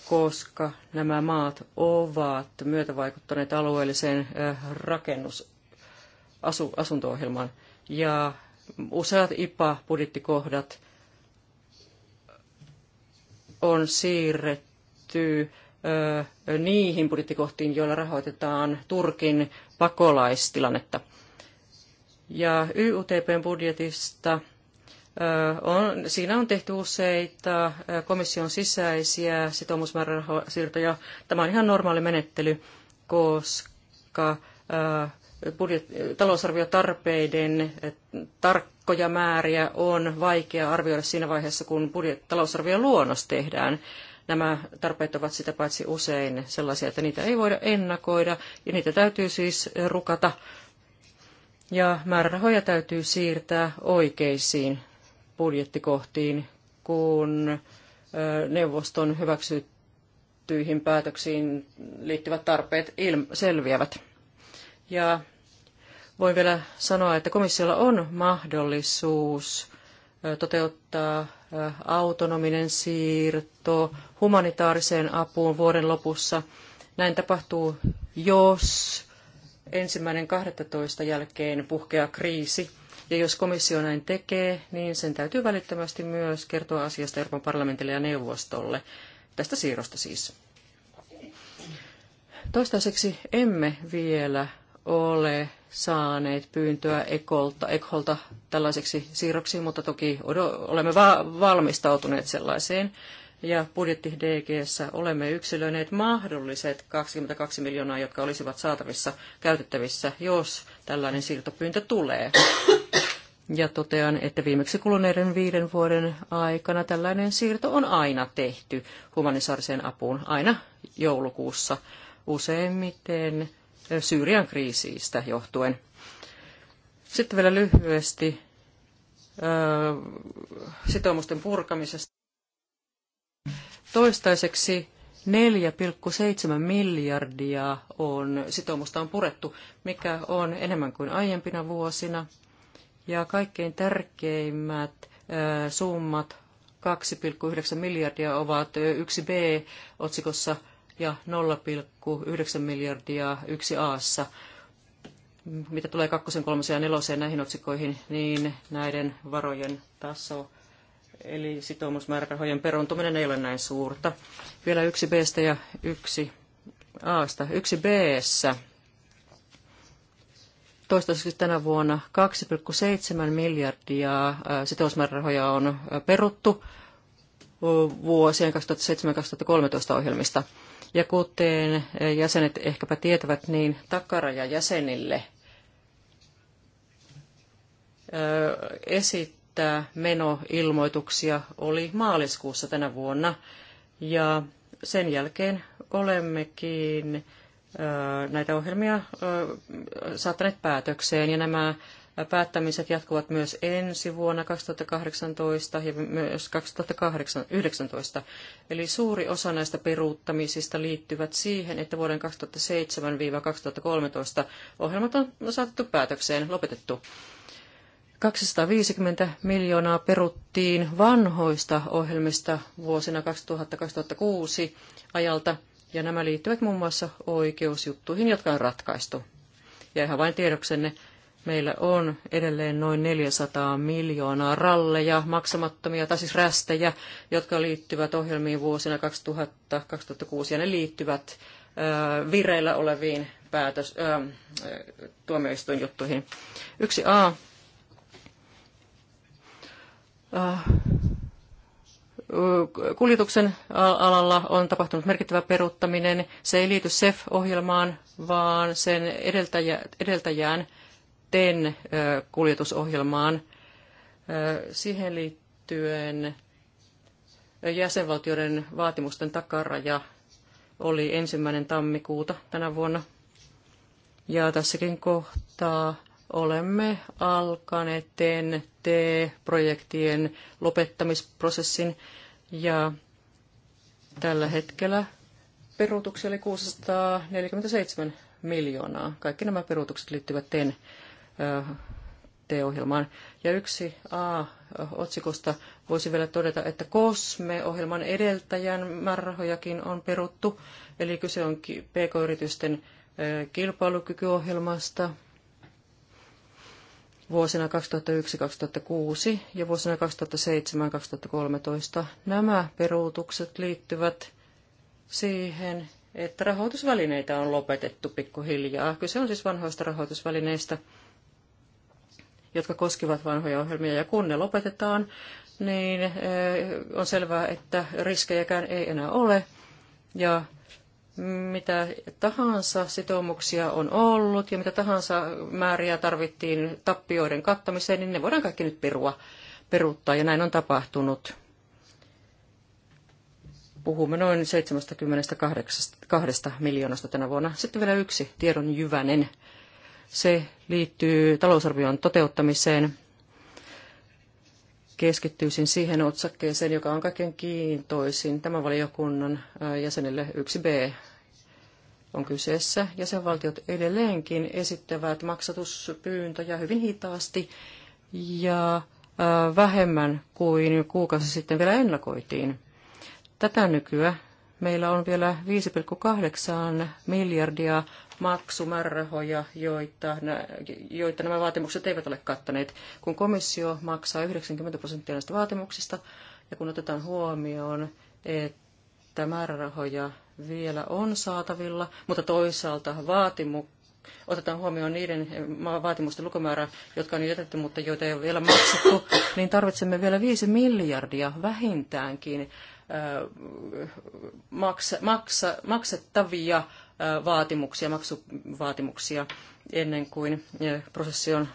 koska nämä maat ovat myötävaikuttaneet alueelliseen rakennus asunto-ohjelmaan. Ja useat IPA-budjettikohdat on siirretty niihin budjettikohtiin, joilla rahoitetaan Turkin pakolaistilannetta. Ja YUTPn budjetista on, siinä on tehty useita komission sisäisiä sitoumusmäärärahasiirtoja. Tämä on ihan normaali menettely, koska budjet, talousarviotarpeiden tarkkoja määriä on vaikea arvioida siinä vaiheessa, kun budjet, talousarvion luonnos tehdään. Nämä tarpeet ovat sitä paitsi usein sellaisia, että niitä ei voida ennakoida ja niitä täytyy siis rukata ja määrärahoja täytyy siirtää oikeisiin budjettikohtiin, kun neuvoston hyväksyttyihin päätöksiin liittyvät tarpeet selviävät. Ja voin vielä sanoa, että komissiolla on mahdollisuus toteuttaa autonominen siirto humanitaariseen apuun vuoden lopussa. Näin tapahtuu, jos ensimmäinen 12. jälkeen puhkeaa kriisi ja jos komissio näin tekee, niin sen täytyy välittömästi myös kertoa asiasta Euroopan parlamentille ja neuvostolle. Tästä siirrosta siis. Toistaiseksi emme vielä ole saaneet pyyntöä Ekolta, Ekolta tällaiseksi siirroksi, mutta toki olemme va- valmistautuneet sellaiseen. Ja budjetti DGssä olemme yksilöineet mahdolliset 22 miljoonaa, jotka olisivat saatavissa käytettävissä, jos tällainen siirtopyyntö tulee ja totean, että viimeksi kuluneiden viiden vuoden aikana tällainen siirto on aina tehty humanisaariseen apuun, aina joulukuussa, useimmiten Syyrian kriisistä johtuen. Sitten vielä lyhyesti sitoumusten purkamisesta. Toistaiseksi 4,7 miljardia on sitoumusta on purettu, mikä on enemmän kuin aiempina vuosina – ja kaikkein tärkeimmät summat 2,9 miljardia ovat 1b-otsikossa ja 0,9 miljardia 1a-ssa. Mitä tulee kakkosen, kolmosen ja neloseen näihin otsikoihin, niin näiden varojen taso eli sitoumusmäärärahojen peruntuminen ei ole näin suurta. Vielä 1 b ja 1 a 1 b toistaiseksi tänä vuonna 2,7 miljardia sitousmäärärahoja on peruttu vuosien 2007-2013 ohjelmista. Ja kuten jäsenet ehkäpä tietävät, niin takaraja jäsenille esittää menoilmoituksia oli maaliskuussa tänä vuonna. Ja sen jälkeen olemmekin näitä ohjelmia saattaneet päätökseen ja nämä päättämiset jatkuvat myös ensi vuonna 2018 ja myös 2019. Eli suuri osa näistä peruuttamisista liittyvät siihen, että vuoden 2007-2013 ohjelmat on saatettu päätökseen, lopetettu. 250 miljoonaa peruttiin vanhoista ohjelmista vuosina 2000-2006 ajalta – ja nämä liittyvät muun muassa oikeusjuttuihin, jotka on ratkaistu. Ja ihan vain tiedoksenne, meillä on edelleen noin 400 miljoonaa ralleja, maksamattomia, tai siis rästejä, jotka liittyvät ohjelmiin vuosina 2000, 2006, ja ne liittyvät äh, vireillä oleviin päätös, äh, tuomioistuinjuttuihin. Yksi a Kuljetuksen alalla on tapahtunut merkittävä peruuttaminen. Se ei liity SEF-ohjelmaan, vaan sen edeltäjä, edeltäjään TEN kuljetusohjelmaan. Siihen liittyen jäsenvaltioiden vaatimusten takaraja oli ensimmäinen tammikuuta tänä vuonna. Ja tässäkin kohtaa olemme alkaneet TEN-T-projektien lopettamisprosessin. Ja tällä hetkellä peruutuksia oli 647 miljoonaa. Kaikki nämä peruutukset liittyvät TEN T-ohjelmaan. Ja yksi A-otsikosta voisi vielä todeta, että COSME-ohjelman edeltäjän määrärahojakin on peruttu. Eli kyse on PK-yritysten kilpailukykyohjelmasta, vuosina 2001-2006 ja vuosina 2007-2013. Nämä peruutukset liittyvät siihen, että rahoitusvälineitä on lopetettu pikkuhiljaa. Kyse on siis vanhoista rahoitusvälineistä, jotka koskivat vanhoja ohjelmia, ja kun ne lopetetaan, niin eh, on selvää, että riskejäkään ei enää ole, ja mitä tahansa sitoumuksia on ollut ja mitä tahansa määriä tarvittiin tappioiden kattamiseen, niin ne voidaan kaikki nyt perua, peruuttaa ja näin on tapahtunut. Puhumme noin 72 miljoonasta tänä vuonna. Sitten vielä yksi tiedon jyvänen. Se liittyy talousarvion toteuttamiseen. Keskittyisin siihen otsakkeeseen, joka on kaiken kiintoisin tämän valiokunnan äh, jäsenelle 1b on kyseessä. Jäsenvaltiot edelleenkin esittävät maksatuspyyntöjä hyvin hitaasti ja vähemmän kuin kuukausi sitten vielä ennakoitiin. Tätä nykyä meillä on vielä 5,8 miljardia maksumäärärahoja, joita, joita nämä vaatimukset eivät ole kattaneet. Kun komissio maksaa 90 prosenttia näistä vaatimuksista ja kun otetaan huomioon, että määrärahoja vielä on saatavilla, mutta toisaalta vaatimu, otetaan huomioon niiden eh, vaatimusten lukumäärä, jotka on jätetty, mutta joita ei ole vielä maksettu, niin tarvitsemme vielä 5 miljardia vähintäänkin eh, maksettavia eh, vaatimuksia, maksuvaatimuksia ennen kuin prosessi on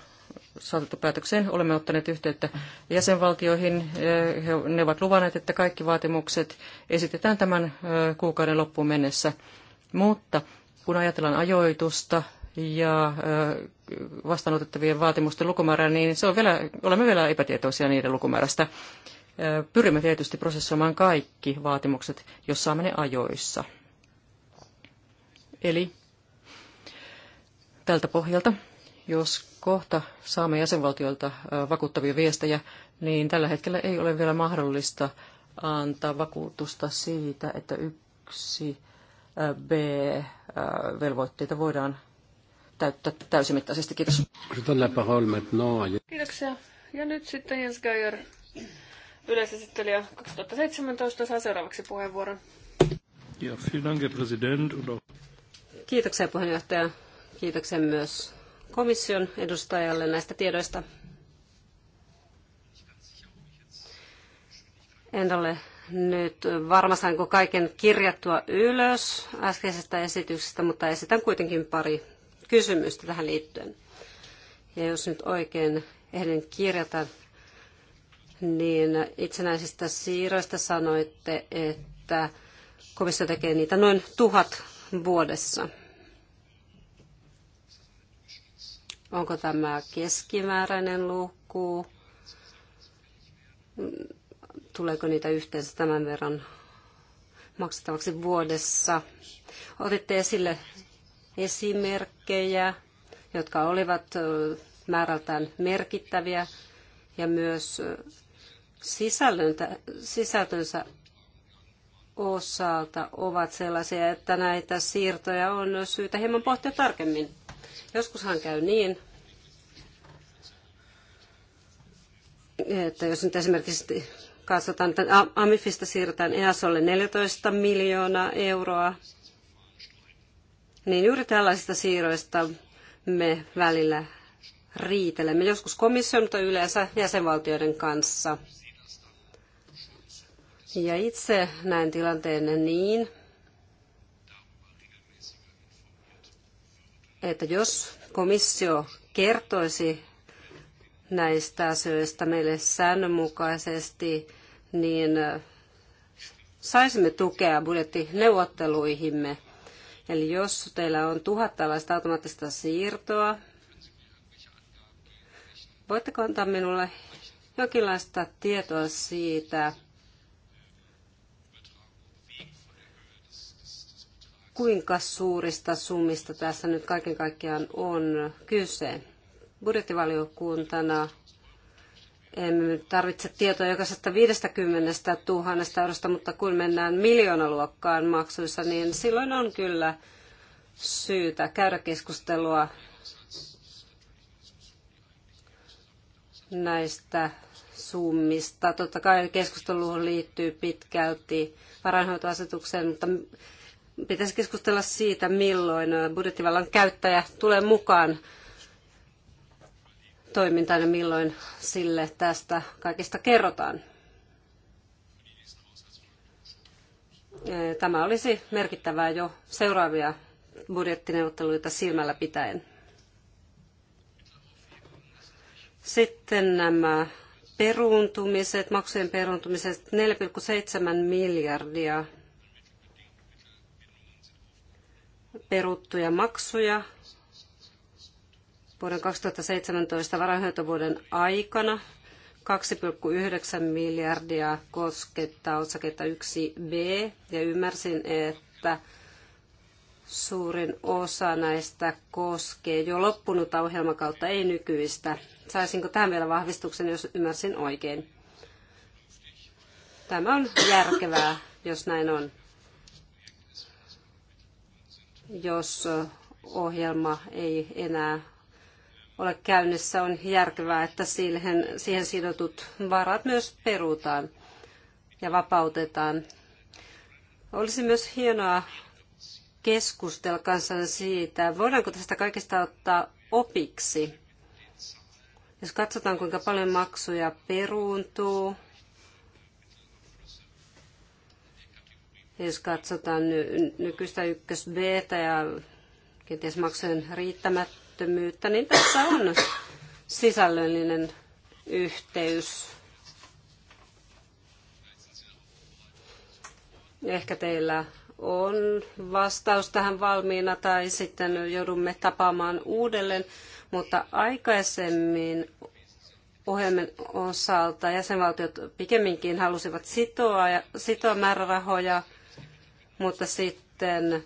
saatettu päätökseen. Olemme ottaneet yhteyttä jäsenvaltioihin. Ne ovat luvanneet, että kaikki vaatimukset esitetään tämän kuukauden loppuun mennessä. Mutta kun ajatellaan ajoitusta ja vastaanotettavien vaatimusten lukumäärää, niin se on vielä, olemme vielä epätietoisia niiden lukumäärästä. Pyrimme tietysti prosessoimaan kaikki vaatimukset, jos saamme ne ajoissa. Eli tältä pohjalta, jos kohta saamme jäsenvaltioilta vakuuttavia viestejä, niin tällä hetkellä ei ole vielä mahdollista antaa vakuutusta siitä, että yksi B-velvoitteita voidaan täyttää täysimittaisesti. Kiitos. Kiitoksia. Ja nyt sitten Jens Geijer, yleisesittelijä 2017, saa seuraavaksi puheenvuoron. Ja, vielen Kiitoksia puheenjohtaja. Kiitoksia myös komission edustajalle näistä tiedoista. En ole nyt varma, sainko kaiken kirjattua ylös äskeisestä esityksestä, mutta esitän kuitenkin pari kysymystä tähän liittyen. Ja jos nyt oikein ehdin kirjata, niin itsenäisistä siirroista sanoitte, että komissio tekee niitä noin tuhat vuodessa. Onko tämä keskimääräinen luku? Tuleeko niitä yhteensä tämän verran maksettavaksi vuodessa? Otitte esille esimerkkejä, jotka olivat määrältään merkittäviä ja myös sisältönsä osalta ovat sellaisia, että näitä siirtoja on syytä hieman pohtia tarkemmin. Joskushan käy niin, että jos nyt esimerkiksi katsotaan, että Amifista siirretään EASOlle 14 miljoonaa euroa, niin juuri tällaisista siirroista me välillä riitelemme, joskus komission, mutta yleensä jäsenvaltioiden kanssa. Ja itse näen tilanteen niin, että jos komissio kertoisi näistä asioista meille säännönmukaisesti, niin saisimme tukea budjettineuvotteluihimme. Eli jos teillä on tuhat tällaista automaattista siirtoa, voitteko antaa minulle jonkinlaista tietoa siitä, kuinka suurista summista tässä nyt kaiken kaikkiaan on kyse. Budjettivaliokuntana emme tarvitse tietoa jokaisesta 50 000 eurosta, mutta kun mennään miljoonaluokkaan maksuissa, niin silloin on kyllä syytä käydä keskustelua näistä summista. Totta kai keskusteluun liittyy pitkälti varainhoitoasetukseen, mutta Pitäisi keskustella siitä, milloin budjettivallan käyttäjä tulee mukaan toimintaan ja milloin sille tästä kaikesta kerrotaan. Tämä olisi merkittävää jo seuraavia budjettineuvotteluita silmällä pitäen. Sitten nämä peruuntumiset, maksujen peruuntumiset, 4,7 miljardia peruttuja maksuja vuoden 2017 varainhoitovuoden aikana. 2,9 miljardia koskettaa osaketta 1b ja ymmärsin, että suurin osa näistä koskee jo loppunutta ohjelmakautta, ei nykyistä. Saisinko tähän vielä vahvistuksen, jos ymmärsin oikein? Tämä on järkevää, jos näin on jos ohjelma ei enää ole käynnissä, on järkevää, että siihen, siihen sidotut varat myös perutaan ja vapautetaan. Olisi myös hienoa keskustella kanssanne siitä, voidaanko tästä kaikesta ottaa opiksi. Jos katsotaan, kuinka paljon maksuja peruuntuu, Jos katsotaan ny- nykyistä ykkös B ja kenties maksujen riittämättömyyttä, niin tässä on sisällöllinen yhteys. Ehkä teillä on vastaus tähän valmiina tai sitten joudumme tapaamaan uudelleen, mutta aikaisemmin ohjelmien osalta jäsenvaltiot pikemminkin halusivat sitoa, ja sitoa määrärahoja mutta sitten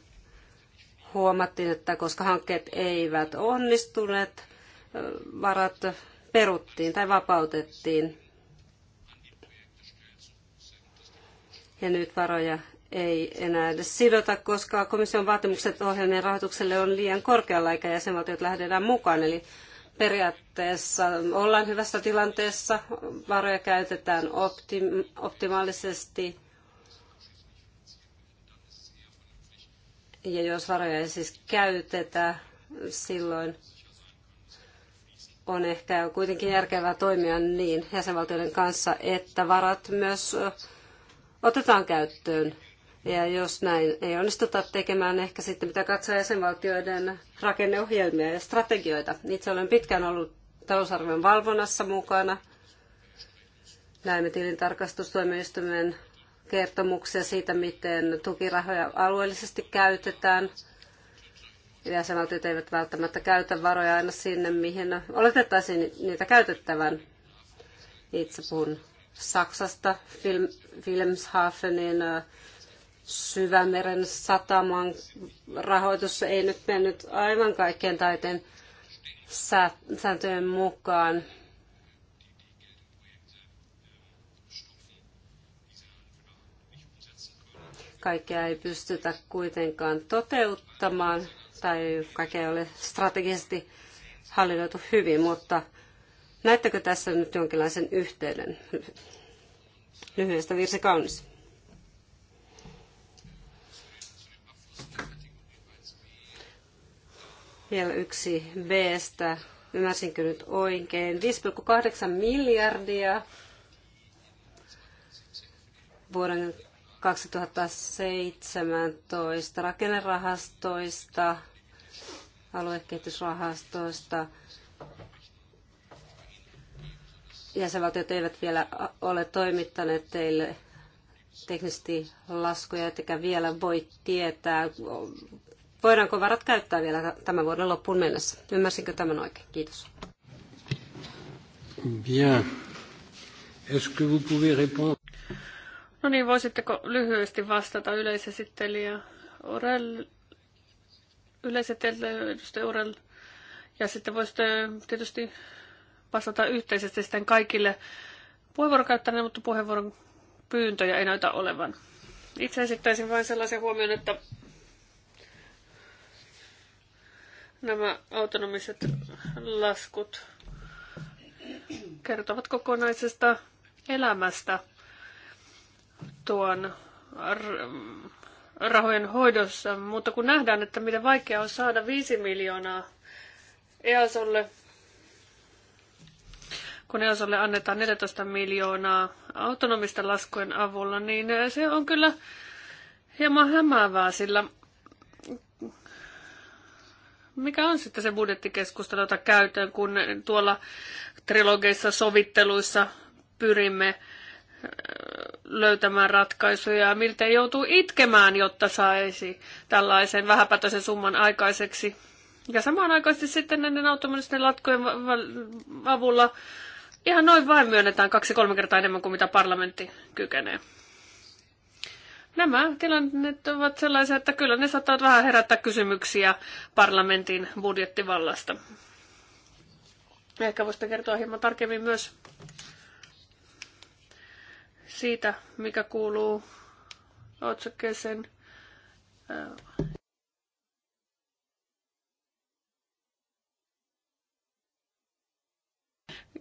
huomattiin, että koska hankkeet eivät onnistuneet, varat peruttiin tai vapautettiin. Ja nyt varoja ei enää edes sidota, koska komission vaatimukset ohjelmien rahoitukselle on liian korkealla eikä jäsenvaltiot lähdetään mukaan. Eli periaatteessa ollaan hyvässä tilanteessa, varoja käytetään optim- optimaalisesti Ja jos varoja ei siis käytetä, silloin on ehkä kuitenkin järkevää toimia niin jäsenvaltioiden kanssa, että varat myös otetaan käyttöön. Ja jos näin ei onnistuta tekemään, ehkä sitten pitää katsoa jäsenvaltioiden rakenneohjelmia ja strategioita. Itse olen pitkään ollut talousarvion valvonnassa mukana. Näemme tilintarkastustoimistomen kertomuksia siitä, miten tukirahoja alueellisesti käytetään. Jäsenvaltiot eivät välttämättä käytä varoja aina sinne, mihin oletettaisiin niitä käytettävän. Itse puhun Saksasta, Film, Filmshafenin äh, syvämeren sataman rahoitus ei nyt mennyt aivan kaikkien taiteen sääntöjen mukaan. Kaikkea ei pystytä kuitenkaan toteuttamaan tai kaikkea ei ole strategisesti hallinnoitu hyvin, mutta näettekö tässä nyt jonkinlaisen yhteyden? Lyhyestä virsi kaunis. Vielä yksi B-stä. Ymmärsinkö nyt oikein? 5,8 miljardia vuoden 2017 rakennerahastoista, aluekehitysrahastoista. Jäsenvaltiot eivät vielä ole toimittaneet teille teknisesti laskuja, etteikä vielä voi tietää, voidaanko varat käyttää vielä tämän vuoden loppuun mennessä. Ymmärsinkö tämän oikein? Kiitos. Bien. Est-ce que vous pouvez répondre No niin, voisitteko lyhyesti vastata yleisesittelijä Orel, yleisesittelijä edustaja Orel, ja sitten voisitte tietysti vastata yhteisesti sitten kaikille puheenvuorokäyttäjille, mutta puheenvuoron pyyntöjä ei näytä olevan. Itse esittäisin vain sellaisen huomion, että nämä autonomiset laskut kertovat kokonaisesta elämästä tuon rahojen hoidossa, mutta kun nähdään, että miten vaikea on saada 5 miljoonaa EASOlle, kun EASOlle annetaan 14 miljoonaa autonomista laskujen avulla, niin se on kyllä hieman hämäävää, sillä mikä on sitten se budjettikeskustelu, jota käytön, kun tuolla trilogeissa sovitteluissa pyrimme löytämään ratkaisuja ja miltä joutuu itkemään, jotta saisi tällaisen vähäpätöisen summan aikaiseksi. Ja samaan sitten näiden automaattisten latkojen avulla ihan noin vain myönnetään kaksi-kolme kertaa enemmän kuin mitä parlamentti kykenee. Nämä tilanteet ovat sellaisia, että kyllä ne saattavat vähän herättää kysymyksiä parlamentin budjettivallasta. Ehkä voisitte kertoa hieman tarkemmin myös siitä, mikä kuuluu otsakkeeseen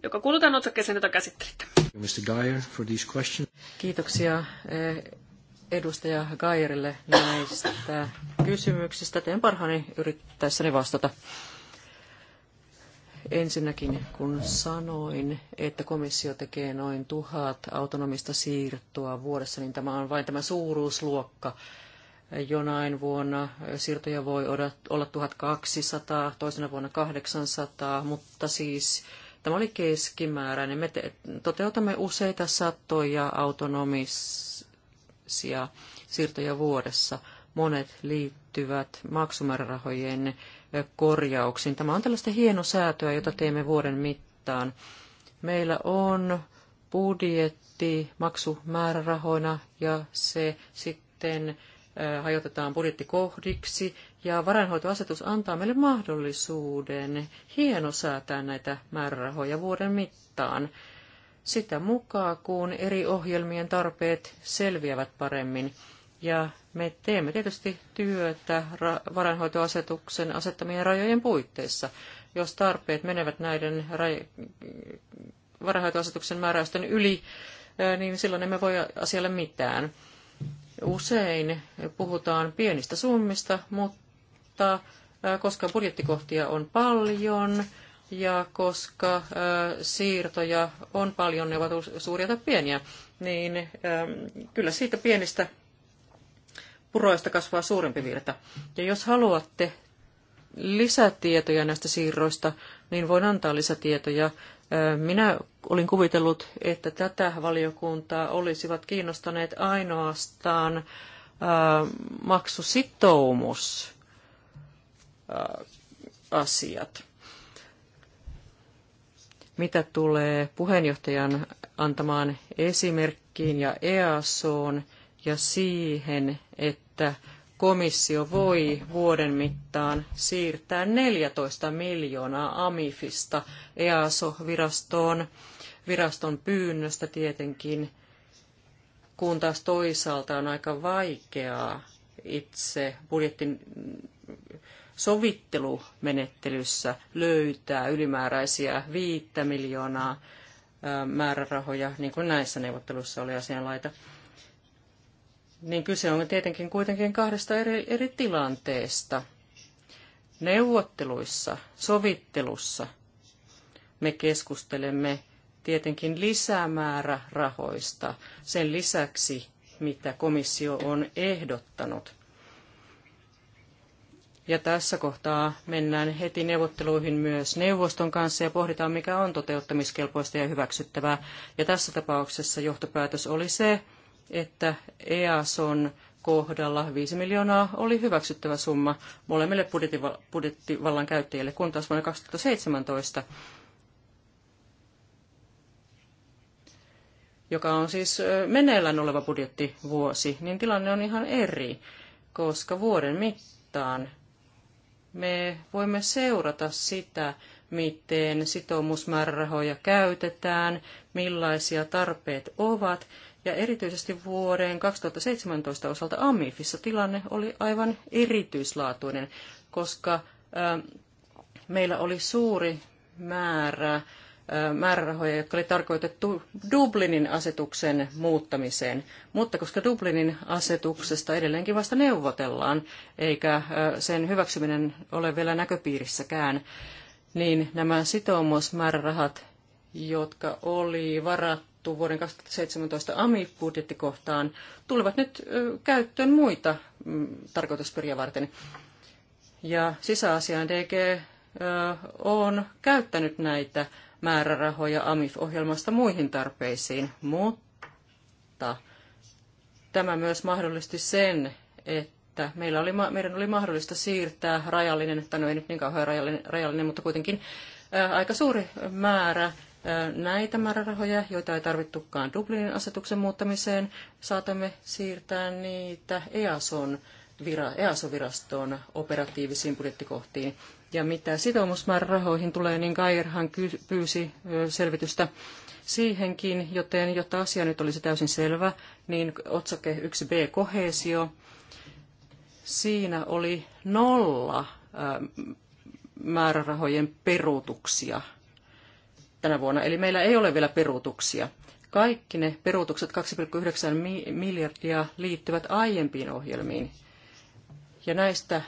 joka kuuluu tämän otsakkeeseen, jota käsittelitte. Mr. Geyer for these questions. Kiitoksia eh, edustaja Geierille näistä kysymyksistä. Teen parhaani yrittäessäni vastata. Ensinnäkin kun sanoin, että komissio tekee noin tuhat autonomista siirtoa vuodessa, niin tämä on vain tämä suuruusluokka. Jonain vuonna siirtoja voi olla 1200, toisena vuonna 800, mutta siis tämä oli keskimääräinen. Me toteutamme useita satoja autonomisia siirtoja vuodessa. Monet liittyvät maksumäärärahojen korjauksiin. Tämä on tällaista hienosäätöä, jota teemme vuoden mittaan. Meillä on budjetti maksumäärärahoina ja se sitten hajotetaan budjettikohdiksi ja varainhoitoasetus antaa meille mahdollisuuden hienosäätää näitä määrärahoja vuoden mittaan sitä mukaan, kun eri ohjelmien tarpeet selviävät paremmin. Ja me teemme tietysti työtä varainhoitoasetuksen asettamien rajojen puitteissa. Jos tarpeet menevät näiden raj- määräysten yli, niin silloin emme voi asialle mitään. Usein puhutaan pienistä summista, mutta koska budjettikohtia on paljon ja koska siirtoja on paljon, ne ovat suuria tai pieniä, niin kyllä siitä pienistä puroista kasvaa suurempi virta. Ja jos haluatte lisätietoja näistä siirroista, niin voin antaa lisätietoja. Minä olin kuvitellut, että tätä valiokuntaa olisivat kiinnostaneet ainoastaan maksusitoumusasiat. Mitä tulee puheenjohtajan antamaan esimerkkiin ja EASOon, ja siihen, että komissio voi vuoden mittaan siirtää 14 miljoonaa AMIFista EASO-virastoon, viraston pyynnöstä tietenkin, kun taas toisaalta on aika vaikeaa itse budjettin sovittelumenettelyssä löytää ylimääräisiä viittä miljoonaa määrärahoja, niin kuin näissä neuvotteluissa oli asianlaita. laita niin kyse on tietenkin kuitenkin kahdesta eri, eri tilanteesta. Neuvotteluissa, sovittelussa me keskustelemme tietenkin lisämäärä rahoista sen lisäksi, mitä komissio on ehdottanut. Ja tässä kohtaa mennään heti neuvotteluihin myös neuvoston kanssa ja pohditaan, mikä on toteuttamiskelpoista ja hyväksyttävää. Ja tässä tapauksessa johtopäätös oli se, että EASON kohdalla 5 miljoonaa oli hyväksyttävä summa molemmille budjettivallan käyttäjille, kun taas vuonna 2017, joka on siis meneillään oleva budjettivuosi, niin tilanne on ihan eri, koska vuoden mittaan me voimme seurata sitä, miten sitoumusmäärärahoja käytetään, millaisia tarpeet ovat, ja erityisesti vuoden 2017 osalta AMIFissa tilanne oli aivan erityislaatuinen, koska meillä oli suuri määrä määrärahoja, jotka oli tarkoitettu Dublinin asetuksen muuttamiseen. Mutta koska Dublinin asetuksesta edelleenkin vasta neuvotellaan, eikä sen hyväksyminen ole vielä näköpiirissäkään, niin nämä sitoumusmäärärahat, jotka oli varattu, sidottu vuoden 2017 AMI-budjettikohtaan, tulevat nyt käyttöön muita mm, tarkoitusperiä varten. Ja sisäasiaan DG on käyttänyt näitä määrärahoja AMIF-ohjelmasta muihin tarpeisiin, mutta tämä myös mahdollisti sen, että meillä oli, meidän oli mahdollista siirtää rajallinen, tai no ei nyt niin kauhean rajallinen, rajallinen mutta kuitenkin aika suuri määrä näitä määrärahoja, joita ei tarvittukaan Dublinin asetuksen muuttamiseen, saatamme siirtää niitä EASON vira, easo virastoon operatiivisiin budjettikohtiin. Ja mitä sitoumusmäärärahoihin tulee, niin Gaierhan pyysi selvitystä siihenkin, joten jotta asia nyt olisi täysin selvä, niin otsake 1b kohesio, siinä oli nolla määrärahojen peruutuksia tänä vuonna, eli meillä ei ole vielä peruutuksia. Kaikki ne peruutukset 2,9 miljardia liittyvät aiempiin ohjelmiin, ja näistä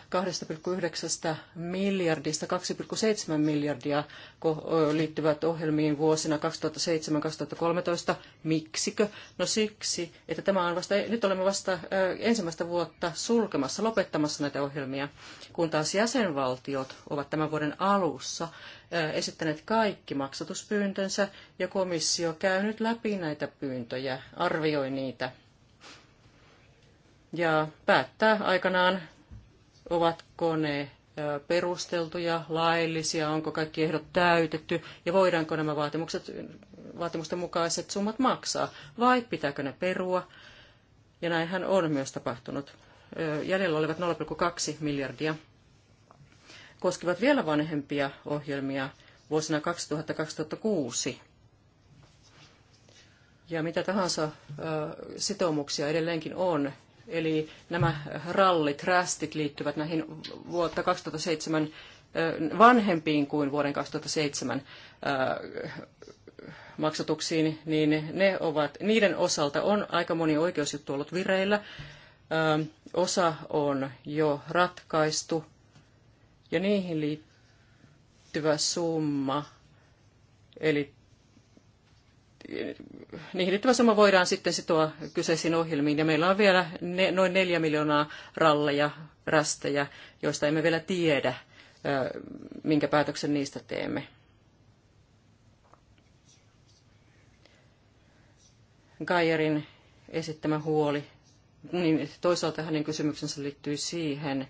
2,9 miljardista 2,7 miljardia liittyvät ohjelmiin vuosina 2007-2013. Miksikö? No siksi, että tämä on vasta, nyt olemme vasta ensimmäistä vuotta sulkemassa, lopettamassa näitä ohjelmia, kun taas jäsenvaltiot ovat tämän vuoden alussa esittäneet kaikki maksatuspyyntönsä ja komissio käy nyt läpi näitä pyyntöjä, arvioi niitä ja päättää aikanaan ovatko ne perusteltuja, laillisia, onko kaikki ehdot täytetty ja voidaanko nämä vaatimukset, vaatimusten mukaiset summat maksaa vai pitääkö ne perua. Ja näinhän on myös tapahtunut. Jäljellä olivat 0,2 miljardia koskivat vielä vanhempia ohjelmia vuosina 2000-2006. Ja mitä tahansa sitoumuksia edelleenkin on, Eli nämä rallit, rästit liittyvät näihin vuotta 2007 vanhempiin kuin vuoden 2007 maksatuksiin, niin ne ovat, niiden osalta on aika moni oikeusjuttu ollut vireillä. Osa on jo ratkaistu ja niihin liittyvä summa, eli niihin liittyvä summa voidaan sitten sitoa kyseisiin ohjelmiin. Ja meillä on vielä ne, noin neljä miljoonaa ralleja, rästejä, joista emme vielä tiedä, minkä päätöksen niistä teemme. Gajerin esittämä huoli, niin toisaalta hänen kysymyksensä liittyy siihen,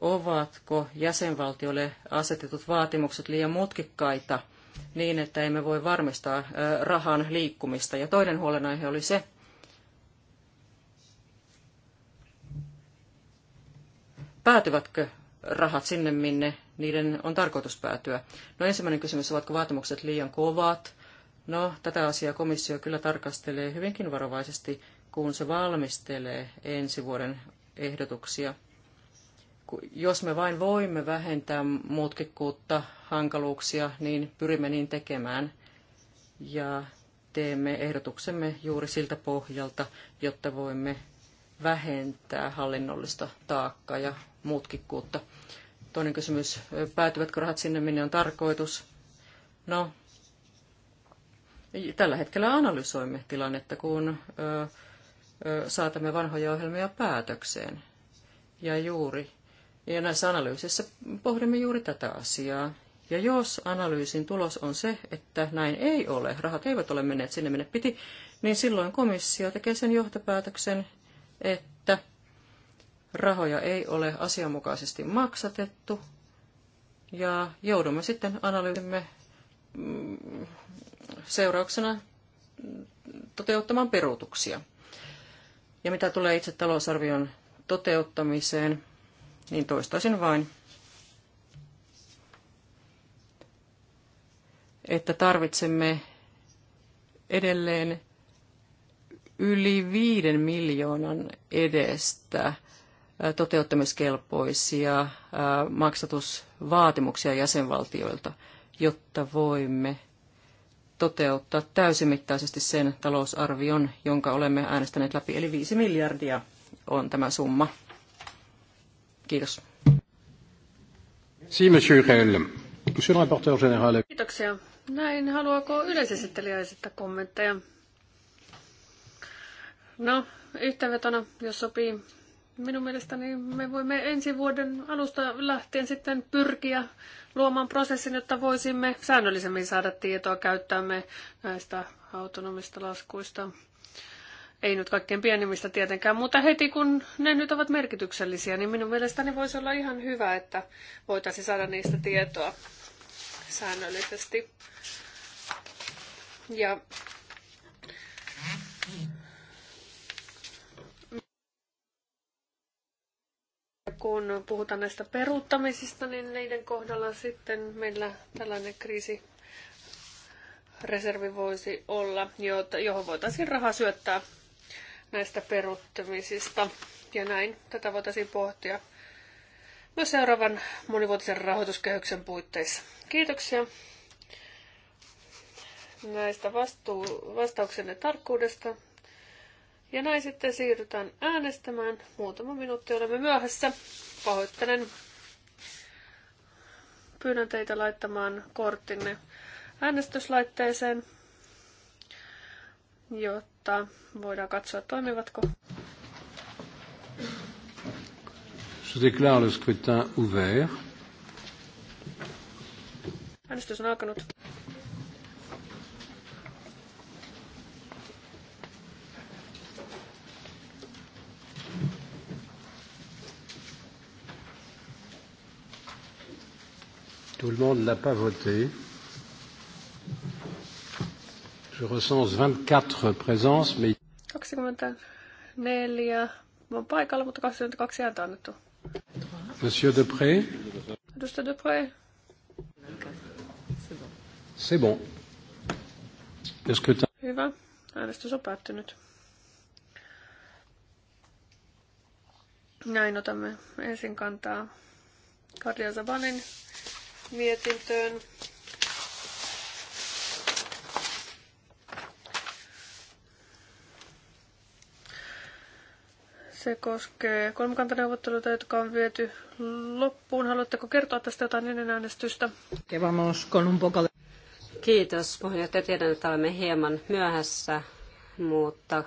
ovatko jäsenvaltiolle asetetut vaatimukset liian mutkikkaita – niin, että emme voi varmistaa rahan liikkumista. Ja toinen huolenaihe oli se, päätyvätkö rahat sinne, minne niiden on tarkoitus päätyä. No ensimmäinen kysymys, ovatko vaatimukset liian kovat? No, tätä asiaa komissio kyllä tarkastelee hyvinkin varovaisesti, kun se valmistelee ensi vuoden ehdotuksia jos me vain voimme vähentää mutkikkuutta, hankaluuksia, niin pyrimme niin tekemään. Ja teemme ehdotuksemme juuri siltä pohjalta, jotta voimme vähentää hallinnollista taakkaa ja mutkikkuutta. Toinen kysymys, päätyvätkö rahat sinne, minne on tarkoitus? No, tällä hetkellä analysoimme tilannetta, kun ö, ö, saatamme vanhoja ohjelmia päätökseen. Ja juuri ja näissä analyysissä pohdimme juuri tätä asiaa. Ja jos analyysin tulos on se, että näin ei ole, rahat eivät ole menneet sinne minne piti, niin silloin komissio tekee sen johtopäätöksen, että rahoja ei ole asianmukaisesti maksatettu ja joudumme sitten analyysimme mm, seurauksena toteuttamaan peruutuksia. Ja mitä tulee itse talousarvion toteuttamiseen, niin toistaisin vain, että tarvitsemme edelleen yli viiden miljoonan edestä toteuttamiskelpoisia maksatusvaatimuksia jäsenvaltioilta, jotta voimme toteuttaa täysimittaisesti sen talousarvion, jonka olemme äänestäneet läpi. Eli viisi miljardia on tämä summa. Kiitos. Kiitoksia. Näin, haluaako yleisesittelijä esittää kommentteja? No, yhteenvetona, jos sopii. Minun mielestäni me voimme ensi vuoden alusta lähtien sitten pyrkiä luomaan prosessin, jotta voisimme säännöllisemmin saada tietoa käyttäämme näistä autonomista laskuista. Ei nyt kaikkein pienimmistä tietenkään, mutta heti kun ne nyt ovat merkityksellisiä, niin minun mielestäni voisi olla ihan hyvä, että voitaisiin saada niistä tietoa säännöllisesti. Ja kun puhutaan näistä peruuttamisista, niin niiden kohdalla sitten meillä tällainen kriisi reservi voisi olla, johon voitaisiin rahaa syöttää näistä peruuttamisista. Ja näin tätä voitaisiin pohtia myös seuraavan monivuotisen rahoituskehyksen puitteissa. Kiitoksia näistä vastuu, vastauksenne tarkkuudesta. Ja näin sitten siirrytään äänestämään. Muutama minuutti olemme myöhässä. Pahoittelen. Pyydän teitä laittamaan korttinne äänestyslaitteeseen, jotta ottaa. Voidaan katsoa, toimivatko. Je déclare le scrutin ouvert. Äänestys on alkanut. Tout le monde n'a pas voté. Je recense 24 présences, mais... 24 on paikalla, mutta 22 ääntä annettu. Monsieur Depré. Edustaja Depré. C'est bon. Le scrutin. Hyvä. Äänestys on päättynyt. Näin otamme ensin kantaa Karja Zabanin mietintöön. Se koskee kolmikantaneuvotteluita, jotka on viety loppuun. Haluatteko kertoa tästä jotain ennen äänestystä? Kiitos puheenjohtaja. Tiedän, että olemme hieman myöhässä, mutta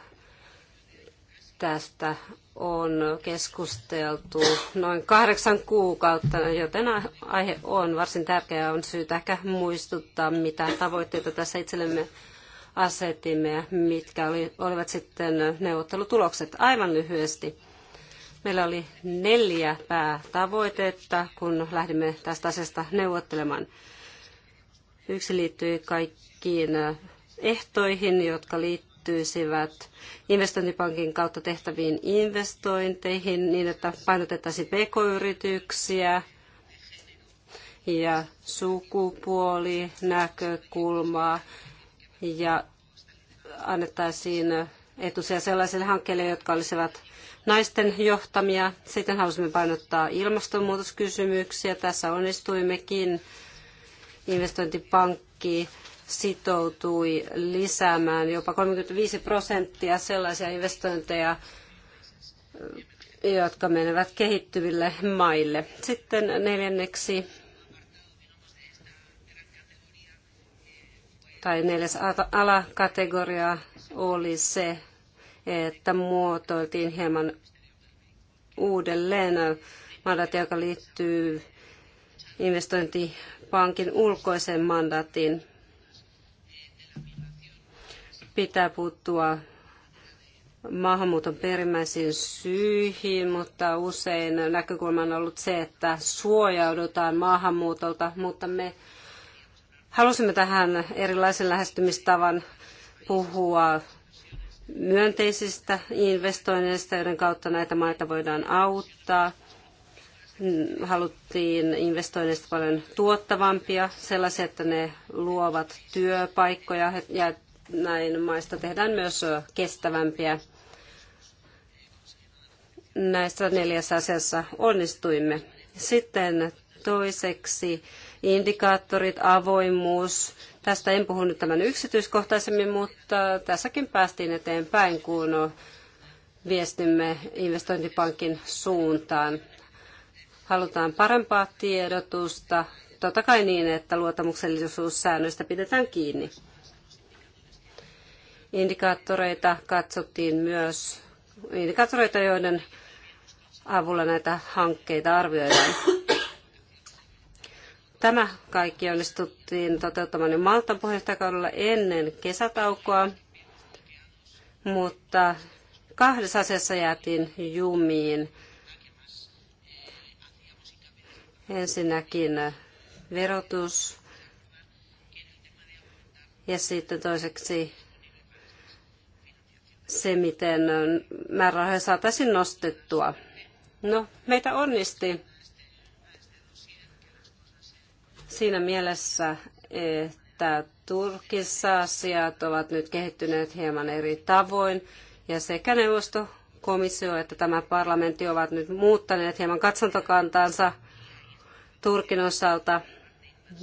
tästä on keskusteltu noin kahdeksan kuukautta, joten aihe on varsin tärkeä. On syytä ehkä muistuttaa, mitä tavoitteita tässä itsellemme asetimme ja mitkä oli, olivat sitten neuvottelutulokset aivan lyhyesti. Meillä oli neljä päätavoitetta, kun lähdimme tästä asiasta neuvottelemaan. Yksi liittyi kaikkiin ehtoihin, jotka liittyisivät investointipankin kautta tehtäviin investointeihin niin, että painotettaisiin pk-yrityksiä ja sukupuolinäkökulmaa, ja annettaisiin etusia sellaisille hankkeille, jotka olisivat naisten johtamia. Sitten halusimme painottaa ilmastonmuutoskysymyksiä. Tässä onnistuimmekin. Investointipankki sitoutui lisäämään jopa 35 prosenttia sellaisia investointeja, jotka menevät kehittyville maille. Sitten neljänneksi tai neljäs alakategoria oli se, että muotoiltiin hieman uudelleen mandaatti, joka liittyy investointipankin ulkoiseen mandaattiin. Pitää puuttua maahanmuuton perimmäisiin syihin, mutta usein näkökulma on ollut se, että suojaudutaan maahanmuutolta, mutta me Halusimme tähän erilaisen lähestymistavan puhua myönteisistä investoinneista, joiden kautta näitä maita voidaan auttaa. Haluttiin investoinneista paljon tuottavampia, sellaisia, että ne luovat työpaikkoja ja näin maista tehdään myös kestävämpiä. Näissä neljässä asiassa onnistuimme. Sitten toiseksi indikaattorit, avoimuus. Tästä en puhu nyt tämän yksityiskohtaisemmin, mutta tässäkin päästiin eteenpäin, kun viestimme investointipankin suuntaan. Halutaan parempaa tiedotusta, totta kai niin, että luottamuksellisuussäännöistä pidetään kiinni. Indikaattoreita katsottiin myös, indikaattoreita, joiden avulla näitä hankkeita arvioidaan. Tämä kaikki onnistuttiin toteuttamaan jo Maltan puheenjohtajakaudella ennen kesätaukoa, mutta kahdessa asiassa jäätiin jumiin. Ensinnäkin verotus ja sitten toiseksi se, miten määrärahoja saataisiin nostettua. No, meitä onnisti siinä mielessä, että Turkissa asiat ovat nyt kehittyneet hieman eri tavoin, ja sekä neuvosto, komissio että tämä parlamentti ovat nyt muuttaneet hieman katsontokantaansa Turkin osalta,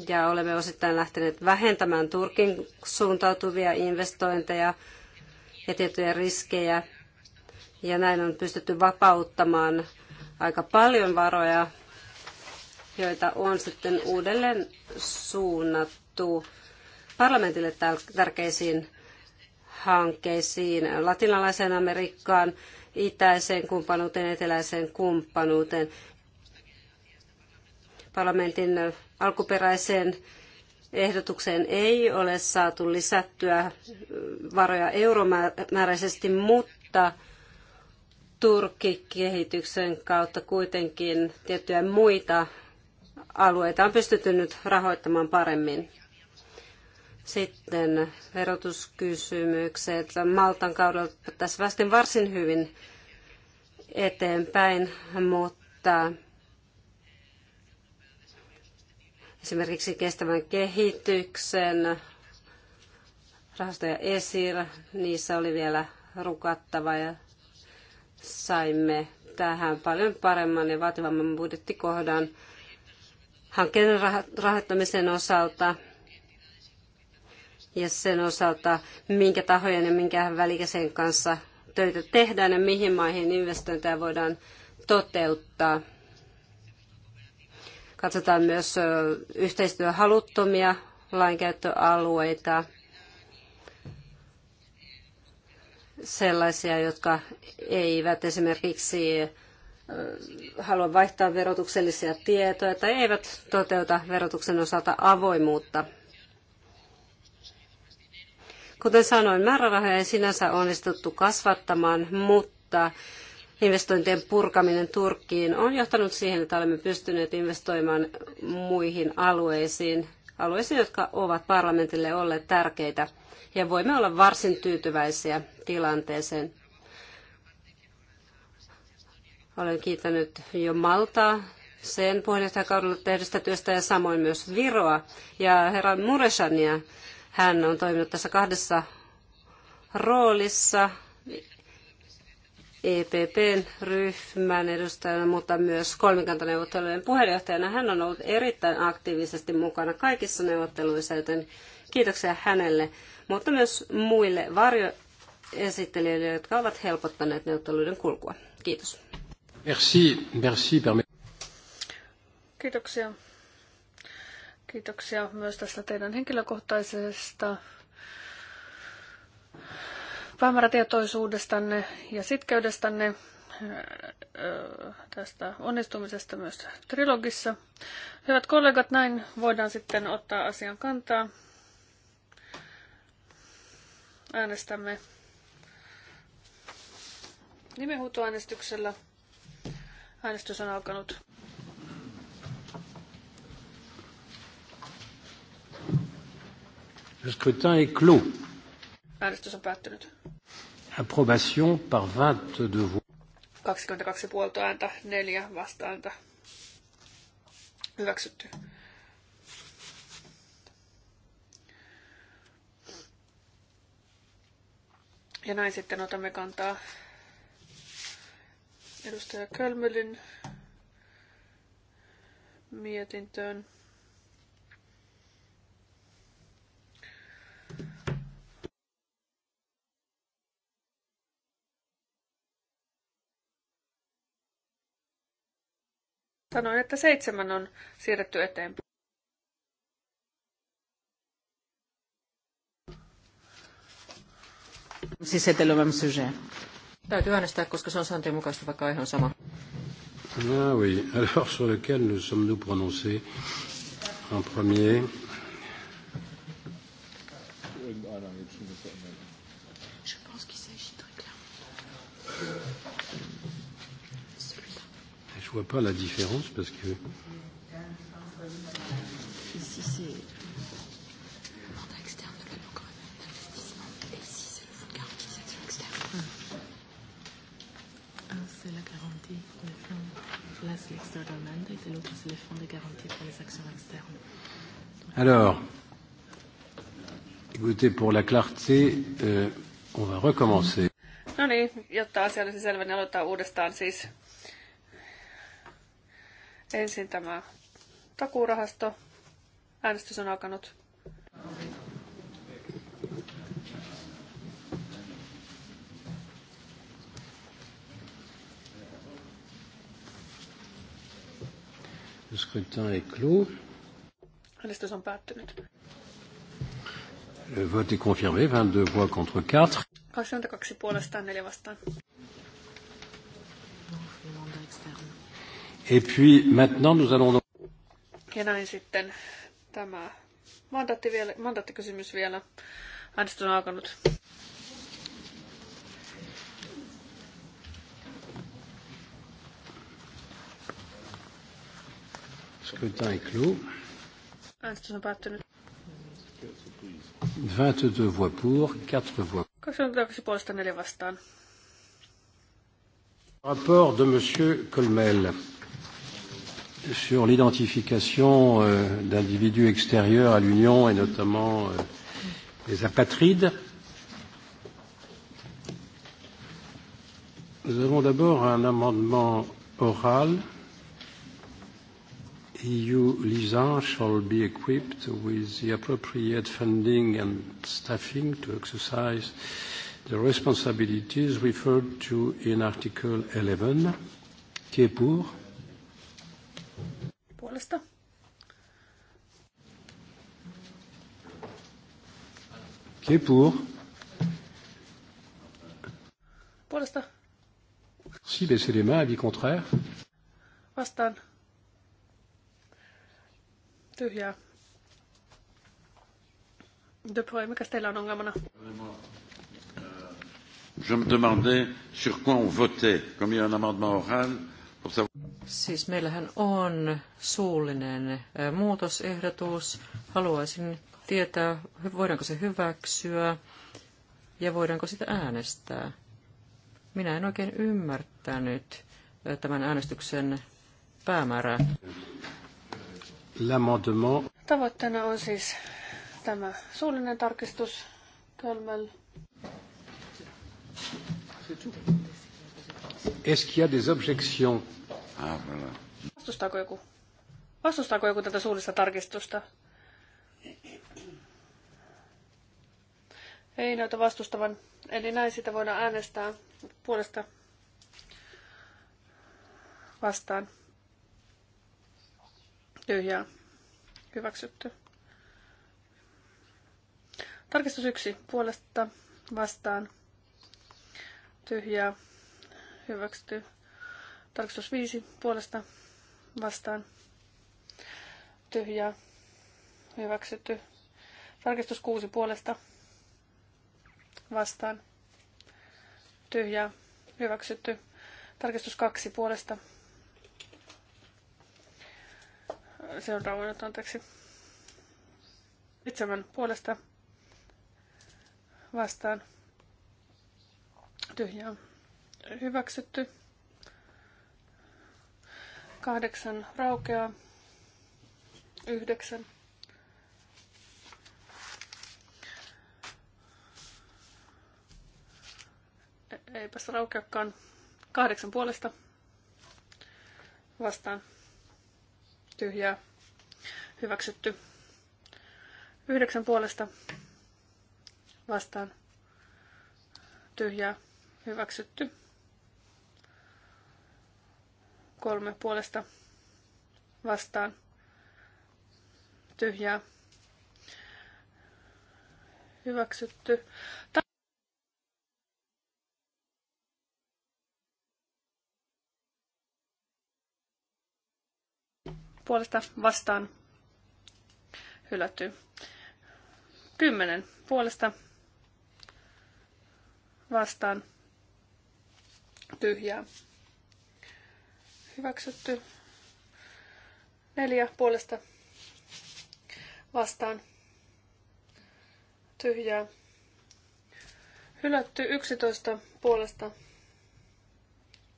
ja olemme osittain lähteneet vähentämään Turkin suuntautuvia investointeja ja tiettyjä riskejä, ja näin on pystytty vapauttamaan aika paljon varoja joita on sitten uudelleen suunnattu parlamentille tärkeisiin hankkeisiin, latinalaiseen Amerikkaan, itäiseen kumppanuuteen, eteläiseen kumppanuuteen, parlamentin alkuperäiseen ehdotukseen ei ole saatu lisättyä varoja euromääräisesti, mutta Turkki-kehityksen kautta kuitenkin tiettyjä muita alueita on pystytty nyt rahoittamaan paremmin. Sitten verotuskysymykset. Maltan kaudella tässä vastin varsin hyvin eteenpäin, mutta esimerkiksi kestävän kehityksen rahastoja ESIR, niissä oli vielä rukattava ja saimme tähän paljon paremman ja vaativamman budjettikohdan hankkeiden rahoittamisen osalta ja sen osalta, minkä tahojen ja minkä välikäsen kanssa töitä tehdään ja mihin maihin investointeja voidaan toteuttaa. Katsotaan myös yhteistyöhaluttomia lainkäyttöalueita, sellaisia, jotka eivät esimerkiksi halua vaihtaa verotuksellisia tietoja tai eivät toteuta verotuksen osalta avoimuutta. Kuten sanoin, määrärahoja ei sinänsä onnistuttu kasvattamaan, mutta investointien purkaminen Turkkiin on johtanut siihen, että olemme pystyneet investoimaan muihin alueisiin, alueisiin, jotka ovat parlamentille olleet tärkeitä, ja voimme olla varsin tyytyväisiä tilanteeseen. Olen kiittänyt jo Maltaa sen puheenjohtajakaudella tehdystä työstä ja samoin myös Viroa. Ja herra Mureshania, hän on toiminut tässä kahdessa roolissa EPPn ryhmän edustajana, mutta myös kolmikantaneuvottelujen puheenjohtajana. Hän on ollut erittäin aktiivisesti mukana kaikissa neuvotteluissa, joten kiitoksia hänelle, mutta myös muille varjoesittelijöille, jotka ovat helpottaneet neuvotteluiden kulkua. Kiitos. Merci, merci. Kiitoksia. Kiitoksia myös tästä teidän henkilökohtaisesta päämäärätietoisuudestanne ja sitkeydestänne äh, äh, tästä onnistumisesta myös trilogissa. Hyvät kollegat, näin voidaan sitten ottaa asian kantaa. Äänestämme nimenhuutoäänestyksellä. Äänestys on alkanut. Le scrutin est clos. Äänestys on päättynyt. Approbation par 22 voix. 22 puolta ääntä, 4 vastaääntä. Hyväksytty. Ja näin sitten otamme kantaa edustaja Kölmölin mietintöön. Sanoin, että seitsemän on siirretty eteenpäin. Si c'était le même sujet. Täytyy äänestää, koska se on sääntöjen mukaista, vaikka aihe on sama. Ah oui, alors sur lequel nous sommes-nous prononcés en premier Je pense qu'il s'agit très clairement. Celui-là. Je vois pas la différence parce que. Settlement et de l'autre, c'est les Fonds de garantie pour les actions externes. Donc, Alors, écoutez, pour la clarté, euh, on va recommencer. No niin, jotta asia olisi selvä, niin aloitetaan uudestaan siis. Ensin tämä takuurahasto. Äänestys on alkanut. Okay. Le scrutin est clos. Äänestys on päättynyt. Le vote est confirmé, 22 voix contre 4. 22 puolestaan, 4 vastaan. Et puis maintenant nous allons... Ja näin sitten tämä mandaattikysymys vielä. Äänestys on alkanut. scrutin est clos. Äänestys on päättynyt. 22 voix pour, 4 voix. Rapport de Monsieur Colmel sur l'identification euh, d'individus extérieurs à l'Union et notamment les euh, apatrides. Nous avons d'abord un amendement oral EU LISA shall be equipped with the appropriate funding and staffing to exercise the responsibilities referred to in Article 11. Qui est pour? Puolesta. Qui est pour? Puolesta. Si baissez les mains, avis contraire. Vastaan. Tyhjää. Dupré, mikä teillä on ongelmana? Je me demandais sur quoi on votait, comme il y a un amendement oral. Pour savoir... Siis meillähän on suullinen muutosehdotus. Haluaisin tietää, voidaanko se hyväksyä ja voidaanko sitä äänestää. Minä en oikein ymmärtänyt tämän äänestyksen päämäärää. Tavoitteena on siis tämä suullinen tarkistus Kölmel. Est-ce qu'il y a des objections? Ah, voilà. Vastustaako joku? Vastustaako joku tätä suullista tarkistusta? Ei näytä vastustavan. Eli näin sitä voidaan äänestää puolesta vastaan. Tyhjää. Hyväksytty. Tarkistus yksi puolesta vastaan. Tyhjää. Hyväksytty. Tarkistus viisi puolesta vastaan. Tyhjää. Hyväksytty. Tarkistus kuusi puolesta vastaan. Tyhjää. Hyväksytty. Tarkistus kaksi puolesta seuraavat, anteeksi. Seitsemän puolesta vastaan. Tyhjä on Hyväksytty. Kahdeksan raukeaa. Yhdeksän. E- eipäs raukeakaan. Kahdeksan puolesta vastaan tyhjää hyväksytty. Yhdeksän puolesta vastaan tyhjää hyväksytty. Kolme puolesta vastaan tyhjää hyväksytty. puolesta vastaan hylätty. kymmenen puolesta vastaan tyhjää. Hyväksytty. Neljä puolesta vastaan tyhjää. Hylätty 11 puolesta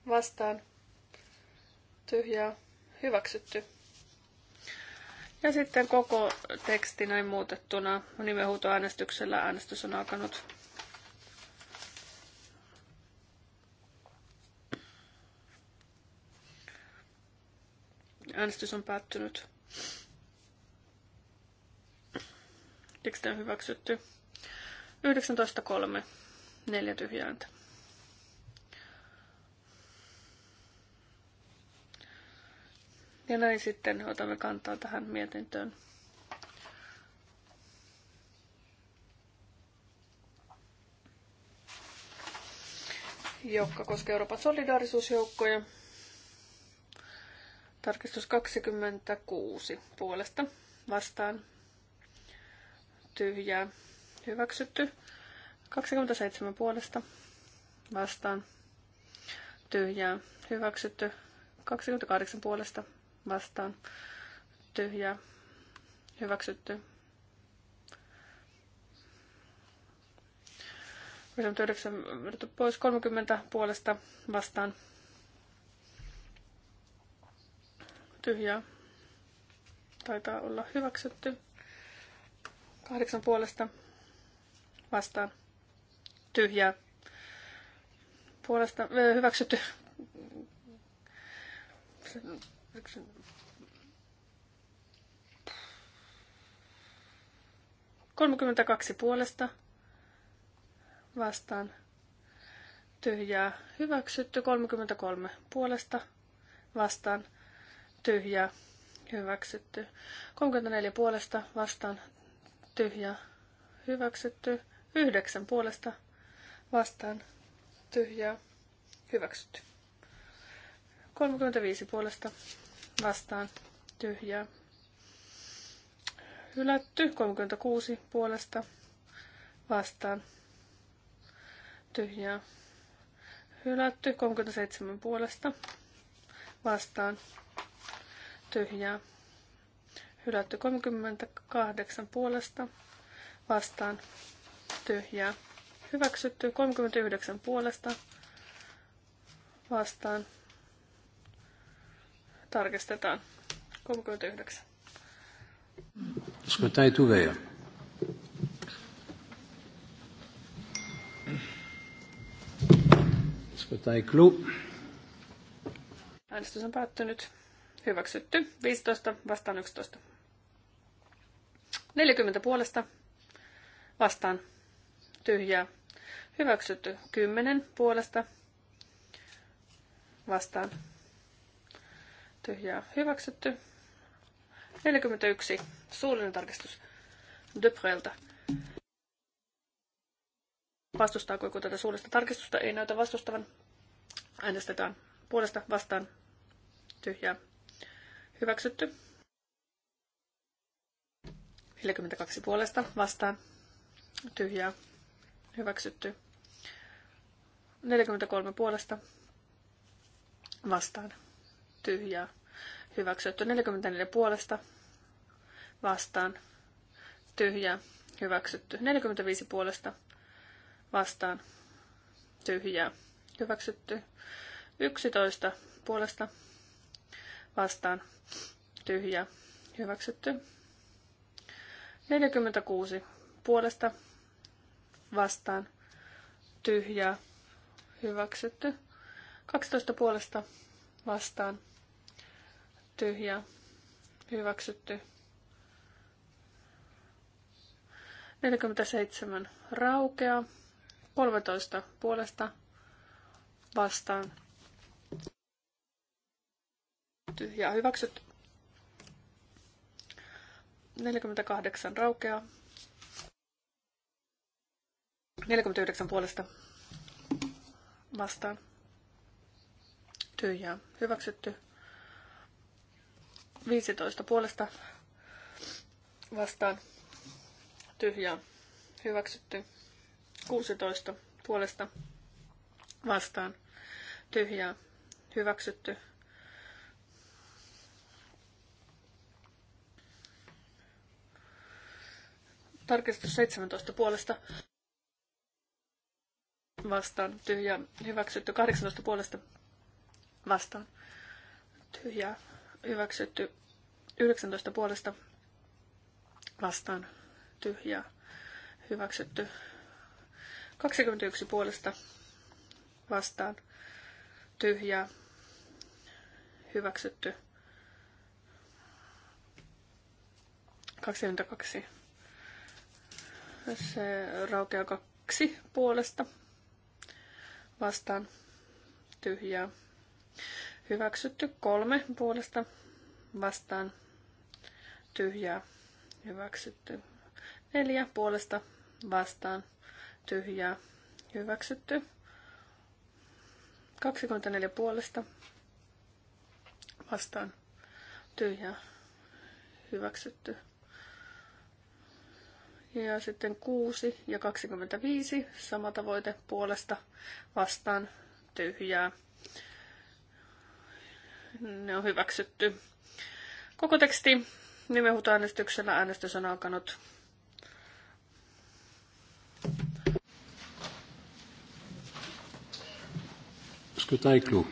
vastaan tyhjää. Hyväksytty. Ja sitten koko teksti näin muutettuna nimenhuutoäänestyksellä äänestys on alkanut. Äänestys on päättynyt. Teksti on hyväksytty. 19.3. Neljä tyhjääntä. Ja näin sitten otamme kantaa tähän mietintöön. joka koskee Euroopan solidaarisuusjoukkoja. Tarkistus 26 puolesta vastaan tyhjää hyväksytty. 27 puolesta vastaan tyhjää hyväksytty. 28 puolesta vastaan tyhjää hyväksytty. 59 pois 30 puolesta vastaan tyhjää. Taitaa olla hyväksytty. Kahdeksan puolesta vastaan tyhjää. Puolesta, hyväksytty 32 puolesta vastaan tyhjää hyväksytty. 33 puolesta vastaan tyhjää hyväksytty. 34 puolesta vastaan tyhjää hyväksytty. 9 puolesta vastaan tyhjää hyväksytty. 35 puolesta vastaan tyhjää. Hylätty 36 puolesta vastaan tyhjää. Hylätty 37 puolesta vastaan tyhjää. Hylätty 38 puolesta vastaan tyhjää. Hyväksytty 39 puolesta vastaan Tarkistetaan. 39. Scrutin est Äänestys on päättynyt. Hyväksytty. 15 vastaan 11. 40 puolesta vastaan tyhjää. Hyväksytty 10 puolesta vastaan Tyhjää hyväksytty. 41. Suullinen tarkistus Duprelta. Vastustaako joku tätä suullista tarkistusta? Ei näytä vastustavan. Äänestetään puolesta vastaan. Tyhjää hyväksytty. 42 puolesta vastaan. Tyhjää hyväksytty. 43 puolesta vastaan tyhjää hyväksytty. 44 puolesta vastaan tyhjää hyväksytty. 45 puolesta vastaan tyhjää hyväksytty. 11 puolesta vastaan tyhjää hyväksytty. 46 puolesta vastaan tyhjää hyväksytty. 12 puolesta vastaan ja hyväksytty. 47 raukea, 13 puolesta vastaan. Tyhjää hyväksytty. 48 raukea. 49 puolesta vastaan. Tyhjää hyväksytty. 15 puolesta vastaan tyhjää hyväksytty. 16 puolesta vastaan tyhjää hyväksytty. Tarkistus 17 puolesta vastaan tyhjää hyväksytty. 18 puolesta vastaan tyhjää hyväksytty 19 puolesta vastaan tyhjää hyväksytty 21 puolesta vastaan tyhjää hyväksytty 22 se raukeaa kaksi puolesta vastaan tyhjää Hyväksytty kolme puolesta vastaan tyhjää. Hyväksytty neljä puolesta vastaan tyhjää. Hyväksytty 24 puolesta vastaan tyhjää. Hyväksytty. Ja sitten 6 ja 25, sama tavoite puolesta vastaan tyhjää ne on hyväksytty. Koko teksti nimenhuutoäänestyksellä äänestys on alkanut. Scrutin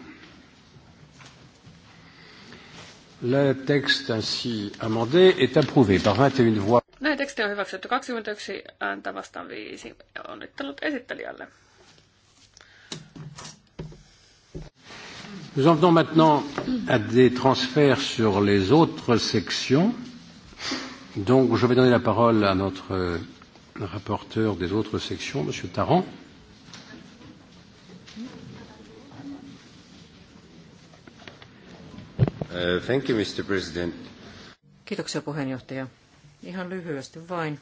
Le texte ainsi amendé est approuvé par 21 voix. Näin teksti on hyväksytty 21 ääntä vastaan 5. Onnittelut esittelijälle. Nous en venons maintenant à des transferts sur les autres sections. Donc, je vais donner la parole à notre rapporteur des autres sections, M. Tarrant. Uh, thank you, Mr. President. Kiitoksia puheenjohtaja. Ihan lyhyesti vain.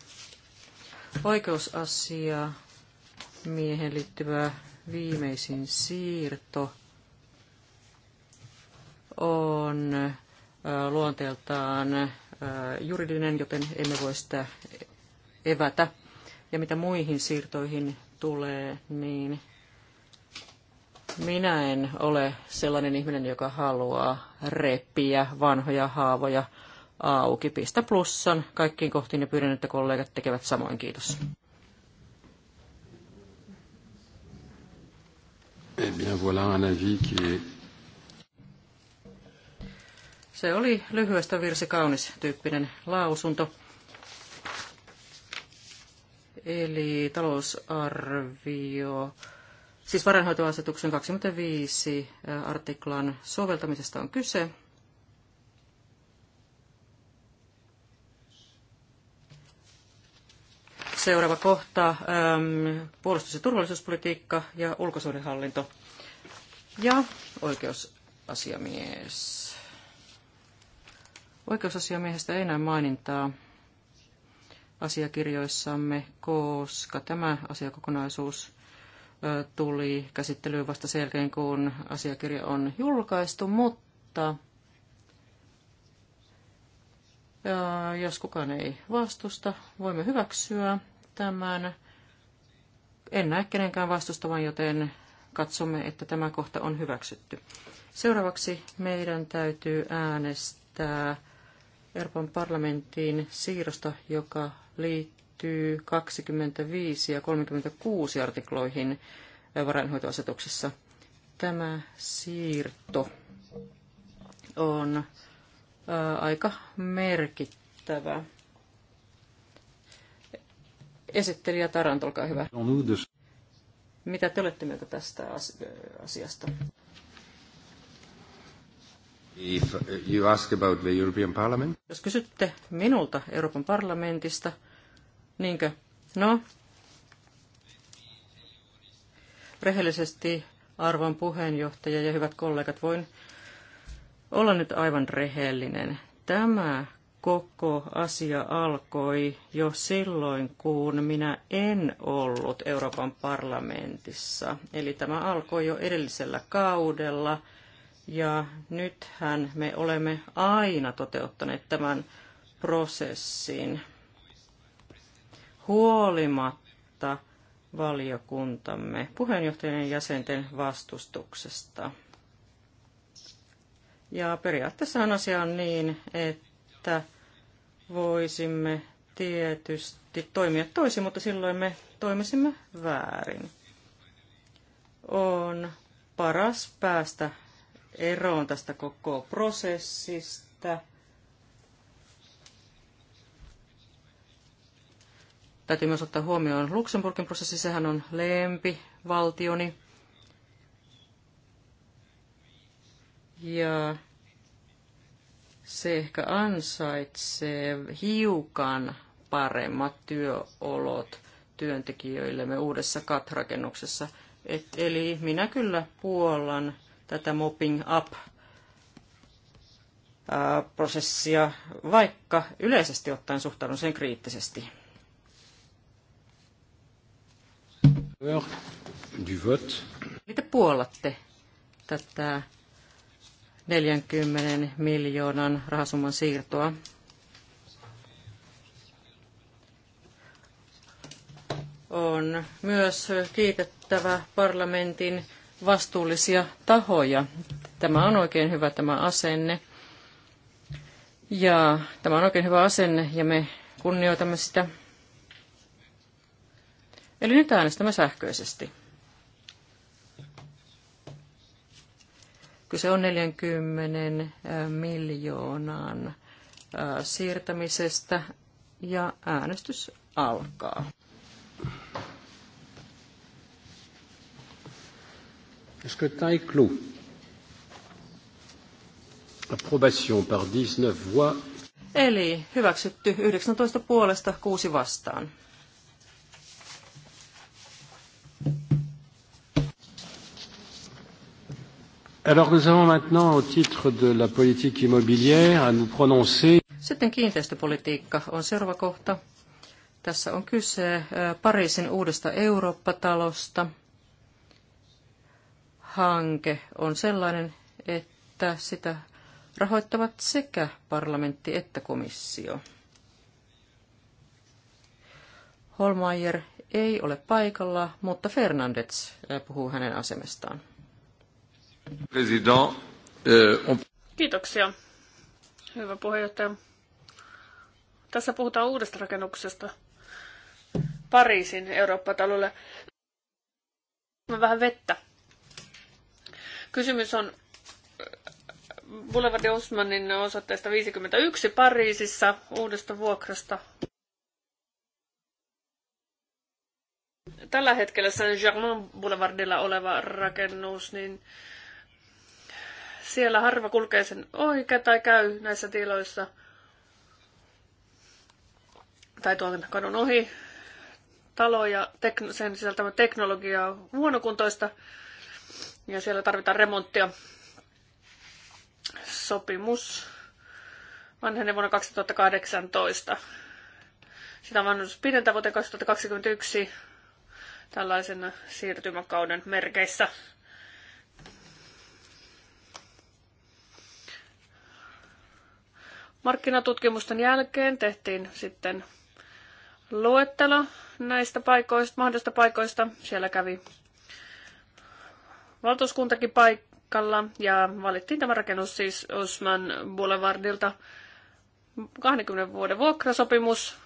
Oikeusasia miehen liittyvä viimeisin siirto on luonteeltaan juridinen, joten emme voi sitä evätä. Ja mitä muihin siirtoihin tulee, niin minä en ole sellainen ihminen, joka haluaa repiä vanhoja haavoja auki. Pistä plussan kaikkiin kohtiin ja pyydän, että kollegat tekevät samoin. Kiitos. Eh bien, voilà un avis qui est se oli lyhyestä virsi kaunis tyyppinen lausunto. Eli talousarvio, siis varainhoitoasetuksen 25 artiklan soveltamisesta on kyse. Seuraava kohta, ähm, puolustus- ja turvallisuuspolitiikka ja ulkosuhdehallinto ja oikeusasiamies. Oikeusasiamiehestä ei enää mainintaa asiakirjoissamme, koska tämä asiakokonaisuus tuli käsittelyyn vasta sen jälkeen, kun asiakirja on julkaistu, mutta jos kukaan ei vastusta, voimme hyväksyä tämän. En näe kenenkään vastustavan, joten katsomme, että tämä kohta on hyväksytty. Seuraavaksi meidän täytyy äänestää Euroopan parlamenttiin siirrosta, joka liittyy 25 ja 36 artikloihin varainhoitoasetuksessa. Tämä siirto on äh, aika merkittävä. Esittelijä Tarant, olkaa hyvä. Mitä te olette mieltä tästä äh, asiasta? If uh, you ask about the European Parliament. Jos kysytte minulta Euroopan parlamentista, niinkö? No, rehellisesti arvon puheenjohtaja ja hyvät kollegat, voin olla nyt aivan rehellinen. Tämä koko asia alkoi jo silloin, kun minä en ollut Euroopan parlamentissa. Eli tämä alkoi jo edellisellä kaudella ja nythän me olemme aina toteuttaneet tämän prosessin huolimatta valiokuntamme puheenjohtajien jäsenten vastustuksesta. Ja periaatteessa on asia on niin, että voisimme tietysti toimia toisin, mutta silloin me toimisimme väärin. On paras päästä eroon tästä koko prosessista. Täytyy myös ottaa huomioon Luxemburgin prosessi, sehän on lempi valtioni Ja se ehkä ansaitsee hiukan paremmat työolot työntekijöillemme uudessa katrakennuksessa. Et, eli minä kyllä puolan tätä mopping up prosessia, vaikka yleisesti ottaen suhtaudun sen kriittisesti. Mitä puolatte tätä 40 miljoonan rahasumman siirtoa? On myös kiitettävä parlamentin vastuullisia tahoja. Tämä on oikein hyvä tämä asenne. Ja tämä on oikein hyvä asenne ja me kunnioitamme sitä. Eli nyt äänestämme sähköisesti. Kyse on 40 miljoonan siirtämisestä ja äänestys alkaa. Le scrutin est clos. Approbation par 19 voix. Eli hyväksytty 19 puolesta 6 vastaan. Alors nous avons maintenant au titre de la politique immobilière à nous prononcer. Sitten kiinteistöpolitiikka on seuraava kohta. Tässä on kyse äh, Pariisin uudesta Eurooppa-talosta – hanke on sellainen, että sitä rahoittavat sekä parlamentti että komissio. Holmeier ei ole paikalla, mutta Fernandes puhuu hänen asemestaan. President, Kiitoksia, hyvä puheenjohtaja. Tässä puhutaan uudesta rakennuksesta Pariisin Eurooppa-talolle. Vähän vettä Kysymys on äh, Boulevard Osmanin osoitteesta 51 Pariisissa uudesta vuokrasta. Tällä hetkellä Saint-Germain Boulevardilla oleva rakennus, niin siellä harva kulkee sen oikea tai käy näissä tiloissa tai tuon kadun ohi. Talo ja tekn- sen sisältämä teknologia on huonokuntoista ja siellä tarvitaan remonttia. Sopimus vanhenee vuonna 2018. Sitä on mahdollisuus pidentää vuoteen 2021 tällaisen siirtymäkauden merkeissä. Markkinatutkimusten jälkeen tehtiin sitten luettelo näistä paikoista, mahdollisista paikoista. Siellä kävi valtuuskuntakin paikalla ja valittiin tämä rakennus siis Osman Boulevardilta 20 vuoden vuokrasopimus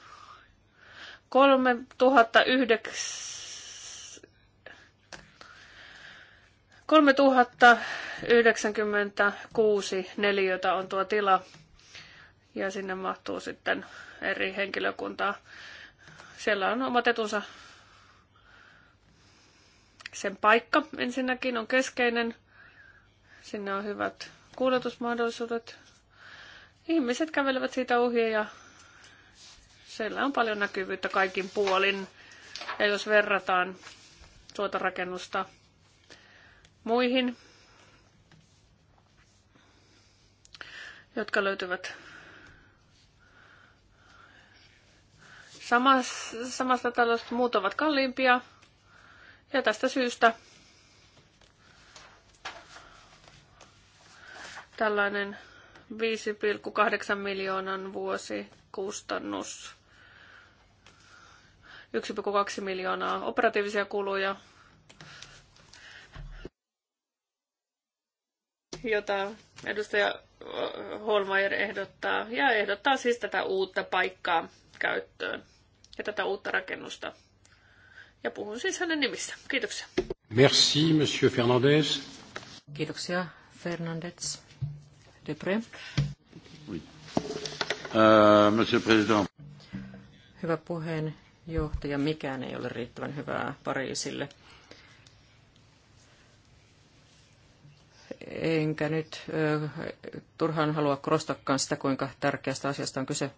3096 neliötä on tuo tila ja sinne mahtuu sitten eri henkilökuntaa. Siellä on omat etunsa sen paikka ensinnäkin on keskeinen. Sinne on hyvät kuulutusmahdollisuudet. Ihmiset kävelevät siitä ohi ja siellä on paljon näkyvyyttä kaikin puolin. Ja jos verrataan tuota rakennusta muihin, jotka löytyvät samasta, samasta talosta. Muut ovat kalliimpia, ja tästä syystä tällainen 5,8 miljoonan vuosi kustannus, 1,2 miljoonaa operatiivisia kuluja, jota edustaja Holmeier ehdottaa, ja ehdottaa siis tätä uutta paikkaa käyttöön ja tätä uutta rakennusta. Ja puhun siis hänen nimissä. Kiitoksia. Merci, Monsieur Fernandez. Kiitoksia, Fernandez. Depre. Oui. Uh, monsieur President. Hyvä puheenjohtaja, mikään ei ole riittävän hyvää Pariisille. enkä nyt turhaan halua korostakaan sitä, kuinka tärkeästä asiasta on kyse,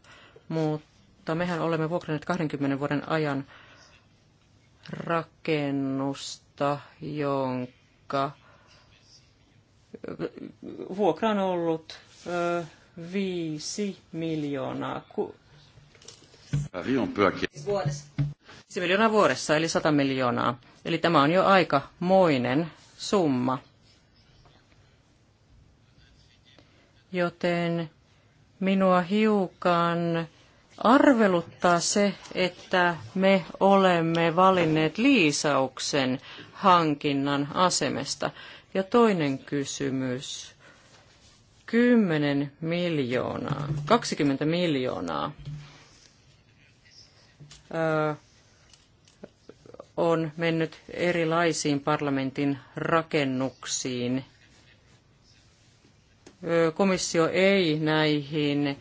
mutta mehän olemme vuokranneet 20 vuoden ajan rakennusta, jonka vuokra on ollut ö, 5 miljoonaa. Ku... Vuodessa. 5 miljoonaa vuodessa, eli 100 miljoonaa. Eli tämä on jo aika moinen summa. Joten minua hiukan arveluttaa se, että me olemme valinneet liisauksen hankinnan asemesta. Ja toinen kysymys. 10 miljoonaa, 20 miljoonaa öö, on mennyt erilaisiin parlamentin rakennuksiin. Öö, komissio ei näihin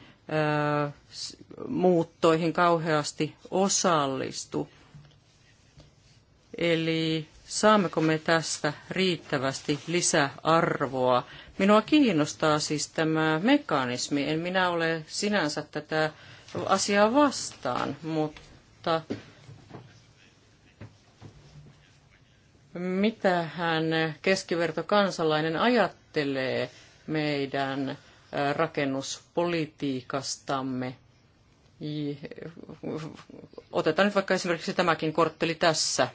muuttoihin kauheasti osallistu. Eli saammeko me tästä riittävästi lisäarvoa? Minua kiinnostaa siis tämä mekanismi. En minä ole sinänsä tätä asiaa vastaan, mutta mitähän kansalainen ajattelee meidän rakennuspolitiikastamme. Otetaan nyt vaikka esimerkiksi tämäkin kortteli tässä.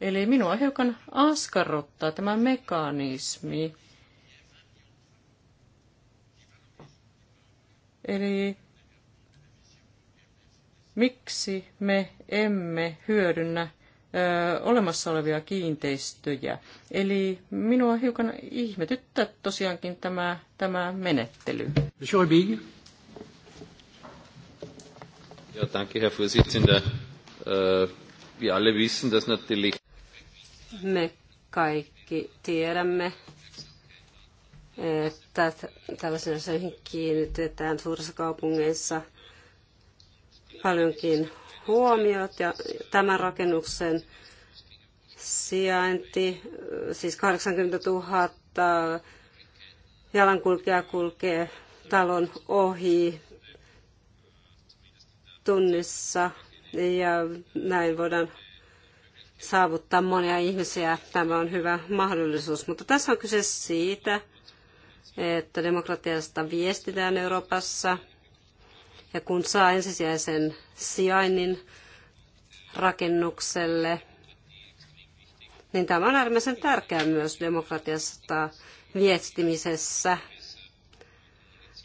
Eli minua hiukan askarruttaa tämä mekanismi. Eli miksi me emme hyödynnä olemassa olevia kiinteistöjä. Eli minua hiukan ihmetyttää tosiaankin tämä, tämä menettely. Äh, Me kaikki tiedämme, että tällaisiin asioihin kiinnitetään suurissa kaupungeissa paljonkin huomiot ja tämän rakennuksen sijainti, siis 80 000 jalankulkijaa kulkee talon ohi tunnissa ja näin voidaan saavuttaa monia ihmisiä. Tämä on hyvä mahdollisuus, mutta tässä on kyse siitä, että demokratiasta viestitään Euroopassa – ja kun saa ensisijaisen sijainnin rakennukselle, niin tämä on äärimmäisen tärkeää myös demokratiasta viestimisessä.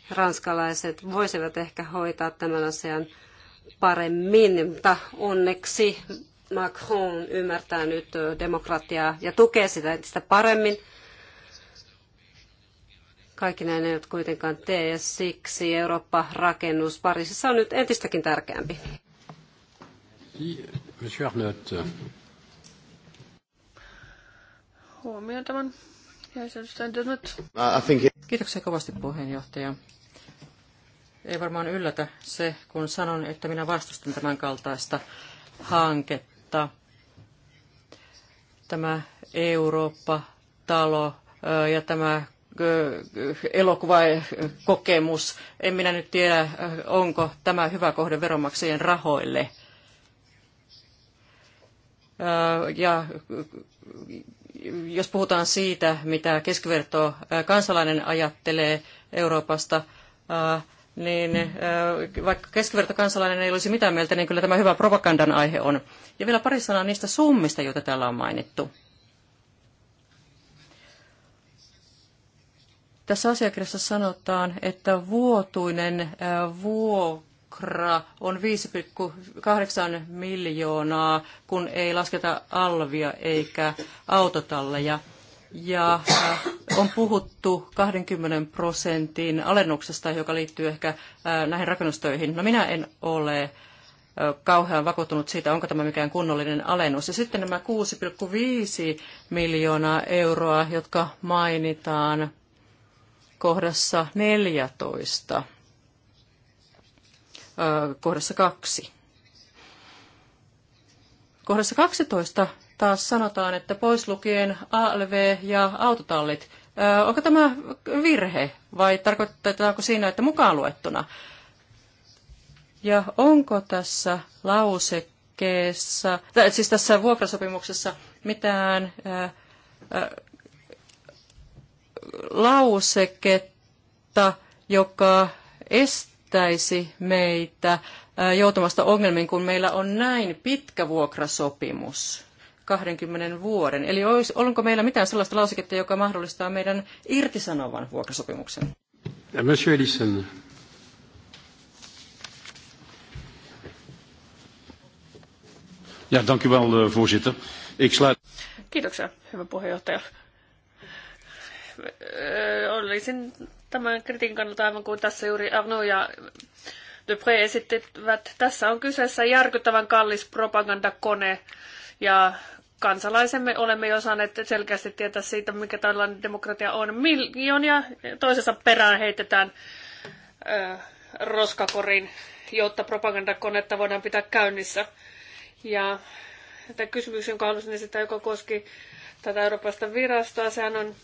Ranskalaiset voisivat ehkä hoitaa tämän asian paremmin, mutta onneksi Macron ymmärtää nyt demokratiaa ja tukee sitä entistä paremmin. Kaikki näin eivät kuitenkaan tee ja siksi Eurooppa-rakennus Pariisissa on nyt entistäkin tärkeämpi. Huomioon tämän. Kiitoksia kovasti puheenjohtaja. Ei varmaan yllätä se, kun sanon, että minä vastustan tämän kaltaista hanketta. Tämä Eurooppa-talo ja tämä Eh, elokuvakokemus. Eh, en minä nyt tiedä, eh, onko tämä hyvä kohde veronmaksajien rahoille. Ja jos puhutaan siitä, mitä keskiverto kansalainen ajattelee Euroopasta, niin vaikka keskiverto kansalainen ei olisi mitään mieltä, niin kyllä tämä hyvä propagandan aihe on. Ja vielä pari sanaa niistä summista, joita täällä on mainittu. Tässä asiakirjassa sanotaan, että vuotuinen äh, vuokra on 5,8 miljoonaa, kun ei lasketa alvia eikä autotalleja. Ja äh, on puhuttu 20 prosentin alennuksesta, joka liittyy ehkä äh, näihin rakennustöihin. No minä en ole kauhean vakuuttunut siitä, onko tämä mikään kunnollinen alennus. Ja sitten nämä 6,5 miljoonaa euroa, jotka mainitaan kohdassa 14, kohdassa 2. Kohdassa 12 taas sanotaan, että pois lukien ALV ja autotallit. Onko tämä virhe vai tarkoitetaanko siinä, että mukaan luettuna? Ja onko tässä lausekkeessa, tai siis tässä vuokrasopimuksessa mitään lauseketta, joka estäisi meitä joutumasta ongelmiin, kun meillä on näin pitkä vuokrasopimus 20 vuoden. Eli olisi, onko meillä mitään sellaista lauseketta, joka mahdollistaa meidän irtisanovan vuokrasopimuksen? Monsieur Ellison. Ja, dank u wel, eh, voorzitter. Ik sluit... Kiitoksia, hyvä puheenjohtaja. Öö, olisin tämän kritiikin kannalta aivan kuin tässä juuri Avno ja Dupré esittivät. Tässä on kyseessä järkyttävän kallis propagandakone ja kansalaisemme olemme jo saaneet selkeästi tietää siitä, mikä tällainen demokratia on. Miljoonia toisessa perään heitetään ö, öö, roskakorin, jotta propagandakonetta voidaan pitää käynnissä. Ja tämä kysymys, jonka halusin esittää, joka koski tätä Euroopasta virastoa, sehän on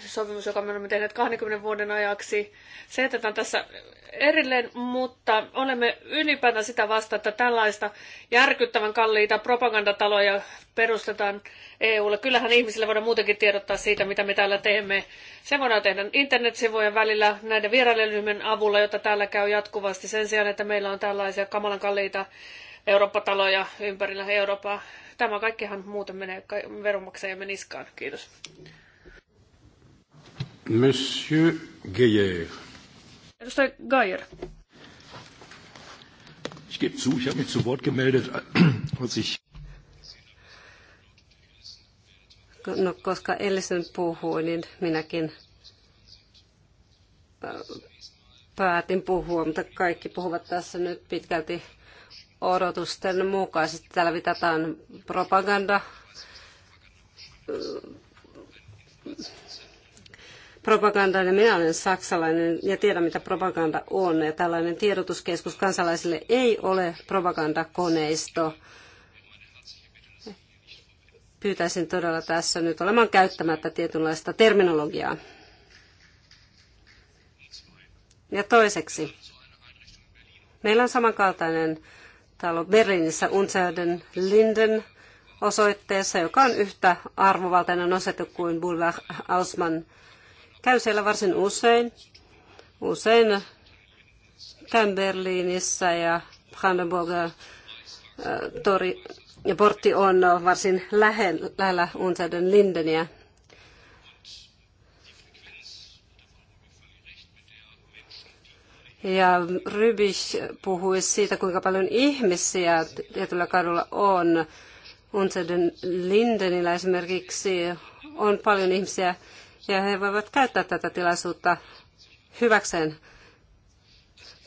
sopimus, joka me olemme tehneet 20 vuoden ajaksi, se jätetään tässä erilleen, mutta olemme ylipäätään sitä vasta, että tällaista järkyttävän kalliita propagandataloja perustetaan EUlle. Kyllähän ihmisille voidaan muutenkin tiedottaa siitä, mitä me täällä teemme. Se voidaan tehdä internetsivujen välillä näiden vierailijaryhmien avulla, jota täällä käy jatkuvasti sen sijaan, että meillä on tällaisia kamalan kalliita Eurooppa-taloja ympärillä Eurooppaa. Tämä kaikkihan muuten menee veronmaksajamme niskaan. Kiitos. Monsieur Geyer. Edustaja Geyer. Ich gebe zu, ich habe mich zu Wort gemeldet, als äh, ich No, koska Ellison puhui, niin minäkin äh, päätin puhua, mutta kaikki puhuvat tässä nyt pitkälti odotusten mukaisesti. Täällä vitataan propaganda äh, propagandaan ja minä olen saksalainen ja tiedän mitä propaganda on ja tällainen tiedotuskeskus kansalaisille ei ole propagandakoneisto. Pyytäisin todella tässä nyt olemaan käyttämättä tietynlaista terminologiaa. Ja toiseksi, meillä on samankaltainen talo Berliinissä Unzerden Linden osoitteessa, joka on yhtä arvovaltainen osoite kuin Boulevard Ausmann käy siellä varsin usein. Usein käyn Berliinissä ja Brandenburg äh, tori ja portti on varsin lähellä, lähellä Lindeniä. Ja Rybich puhui siitä, kuinka paljon ihmisiä tietyllä kadulla on. Unsäden Lindenillä esimerkiksi on paljon ihmisiä, ja he voivat käyttää tätä tilaisuutta hyväkseen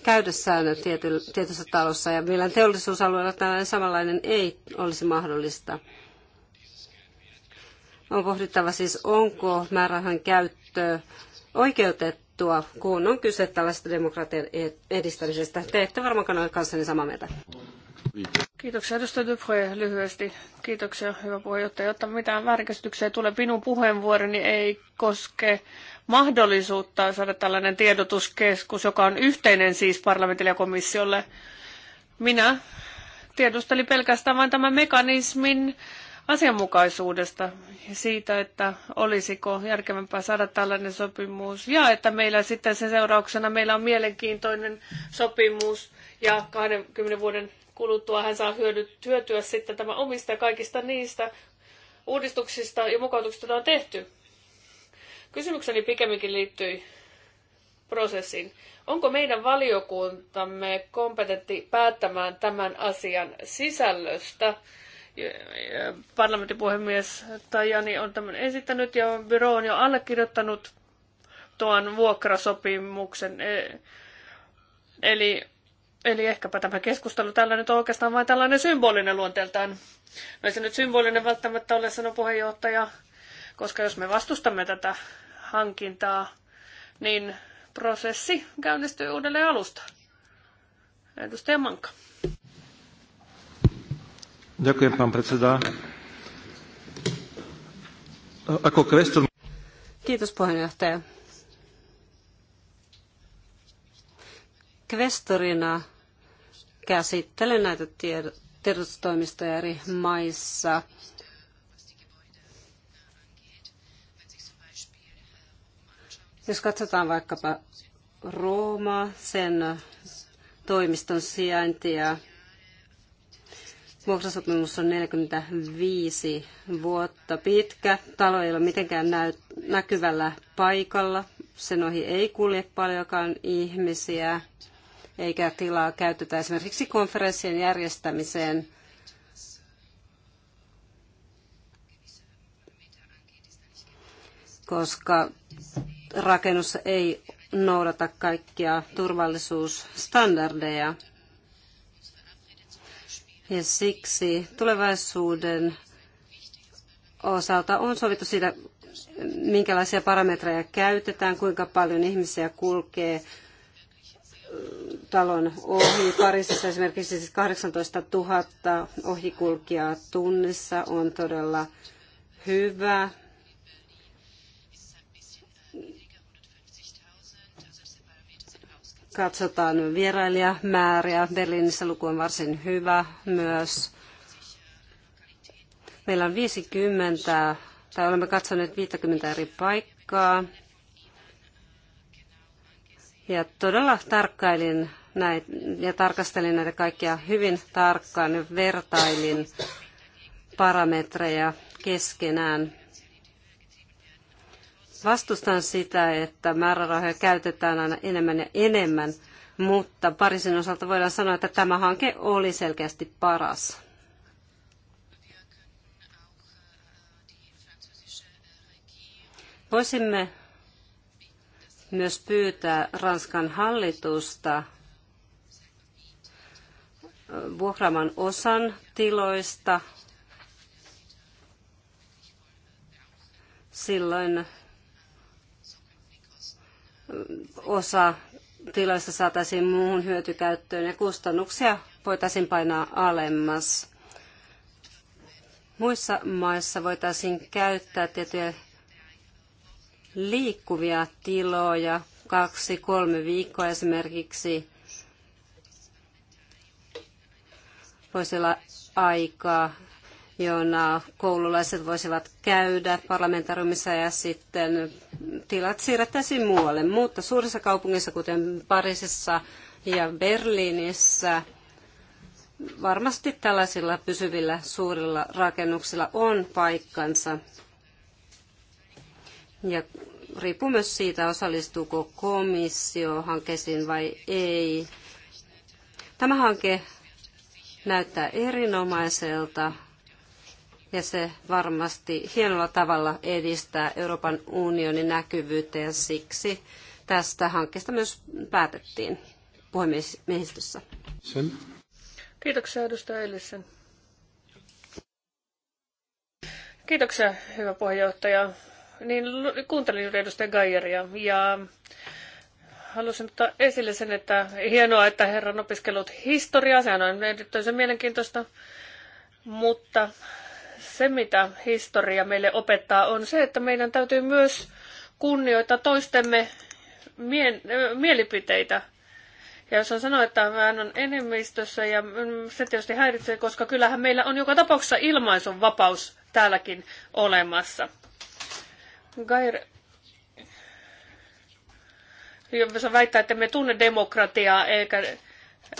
käydessään tietyssä talossa ja millään teollisuusalueella tällainen samanlainen ei olisi mahdollista. On pohdittava siis, onko määrähän käyttö oikeutettua, kun on kyse tällaista demokratian e-, edistämisestä. Te ette varmaan ole kanssani samaa mieltä. Kiitoksia edustaja Dupre lyhyesti. Kiitoksia hyvä puheenjohtaja. Jotta mitään väärinkäsitykseen tulee, minun puheenvuoroni ei koske mahdollisuutta saada tällainen tiedotuskeskus, joka on yhteinen siis parlamentille ja komissiolle. Minä tiedustelin pelkästään vain tämän mekanismin asianmukaisuudesta ja siitä, että olisiko järkevämpää saada tällainen sopimus ja että meillä sitten sen seurauksena meillä on mielenkiintoinen sopimus ja 20 vuoden kuluttua hän saa hyötyä sitten tämä omista kaikista niistä uudistuksista ja mukautuksista, joita on tehty. Kysymykseni pikemminkin liittyi prosessiin. Onko meidän valiokuntamme kompetentti päättämään tämän asian sisällöstä? Parlamentin puhemies Tajani on tämän esittänyt ja byro on jo allekirjoittanut tuon vuokrasopimuksen. Eli Eli ehkäpä tämä keskustelu tällä nyt on oikeastaan vain tällainen symbolinen luonteeltaan. No ei se nyt symbolinen välttämättä ole, sanoi puheenjohtaja, koska jos me vastustamme tätä hankintaa, niin prosessi käynnistyy uudelleen alusta. Edustaja Manka. Ďakujem, pán predseda. Kiitos puheenjohtaja. Kvestorina käsittelen näitä tiedotustoimistoja eri maissa. Jos katsotaan vaikkapa Roomaa, sen toimiston sijaintia, Vuokrasopimus on 45 vuotta pitkä. Talo ei ole mitenkään näy, näkyvällä paikalla. Sen ohi ei kulje paljonkaan ihmisiä eikä tilaa käytetä esimerkiksi konferenssien järjestämiseen. koska rakennus ei noudata kaikkia turvallisuusstandardeja. Ja siksi tulevaisuuden osalta on sovittu siitä, minkälaisia parametreja käytetään, kuinka paljon ihmisiä kulkee talon ohi. Pariisissa esimerkiksi siis 18 000 ohikulkijaa tunnissa on todella hyvä. Katsotaan vierailijamääriä. Berliinissä luku on varsin hyvä myös. Meillä on 50, tai olemme katsoneet 50 eri paikkaa. Ja todella tarkkailin näin, ja tarkastelin näitä kaikkia hyvin tarkkaan ja vertailin parametreja keskenään. Vastustan sitä, että määrärahoja käytetään aina enemmän ja enemmän, mutta parisin osalta voidaan sanoa, että tämä hanke oli selkeästi paras. Voisimme myös pyytää Ranskan hallitusta vuokraamaan osan tiloista silloin mm, osa tiloista saataisiin muuhun hyötykäyttöön ja kustannuksia voitaisiin painaa alemmas. Muissa maissa voitaisiin käyttää tiettyjä liikkuvia tiloja, kaksi, kolme viikkoa esimerkiksi voisi olla aikaa, jona koululaiset voisivat käydä parlamentarumissa ja sitten tilat siirrettäisiin muualle. Mutta suurissa kaupungeissa, kuten Pariisissa ja Berliinissä, varmasti tällaisilla pysyvillä suurilla rakennuksilla on paikkansa. Ja riippuu myös siitä, osallistuuko komissio hankkeisiin vai ei. Tämä hanke näyttää erinomaiselta ja se varmasti hienolla tavalla edistää Euroopan unionin näkyvyyttä ja siksi tästä hankkeesta myös päätettiin puhemiehistössä. Sen. Kiitoksia edustaja Ellisen. Kiitoksia, hyvä puheenjohtaja niin kuuntelin juuri edustaja Geijeria ja halusin ottaa esille sen, että hienoa, että herran opiskelut historiaa, sehän on erityisen mielenkiintoista, mutta se, mitä historia meille opettaa, on se, että meidän täytyy myös kunnioittaa toistemme mie- mielipiteitä. Ja jos on sanoa, että hän on enemmistössä, ja se tietysti häiritsee, koska kyllähän meillä on joka tapauksessa ilmaisun vapaus täälläkin olemassa. Gair jos väittää, että me tunne demokratiaa eikä,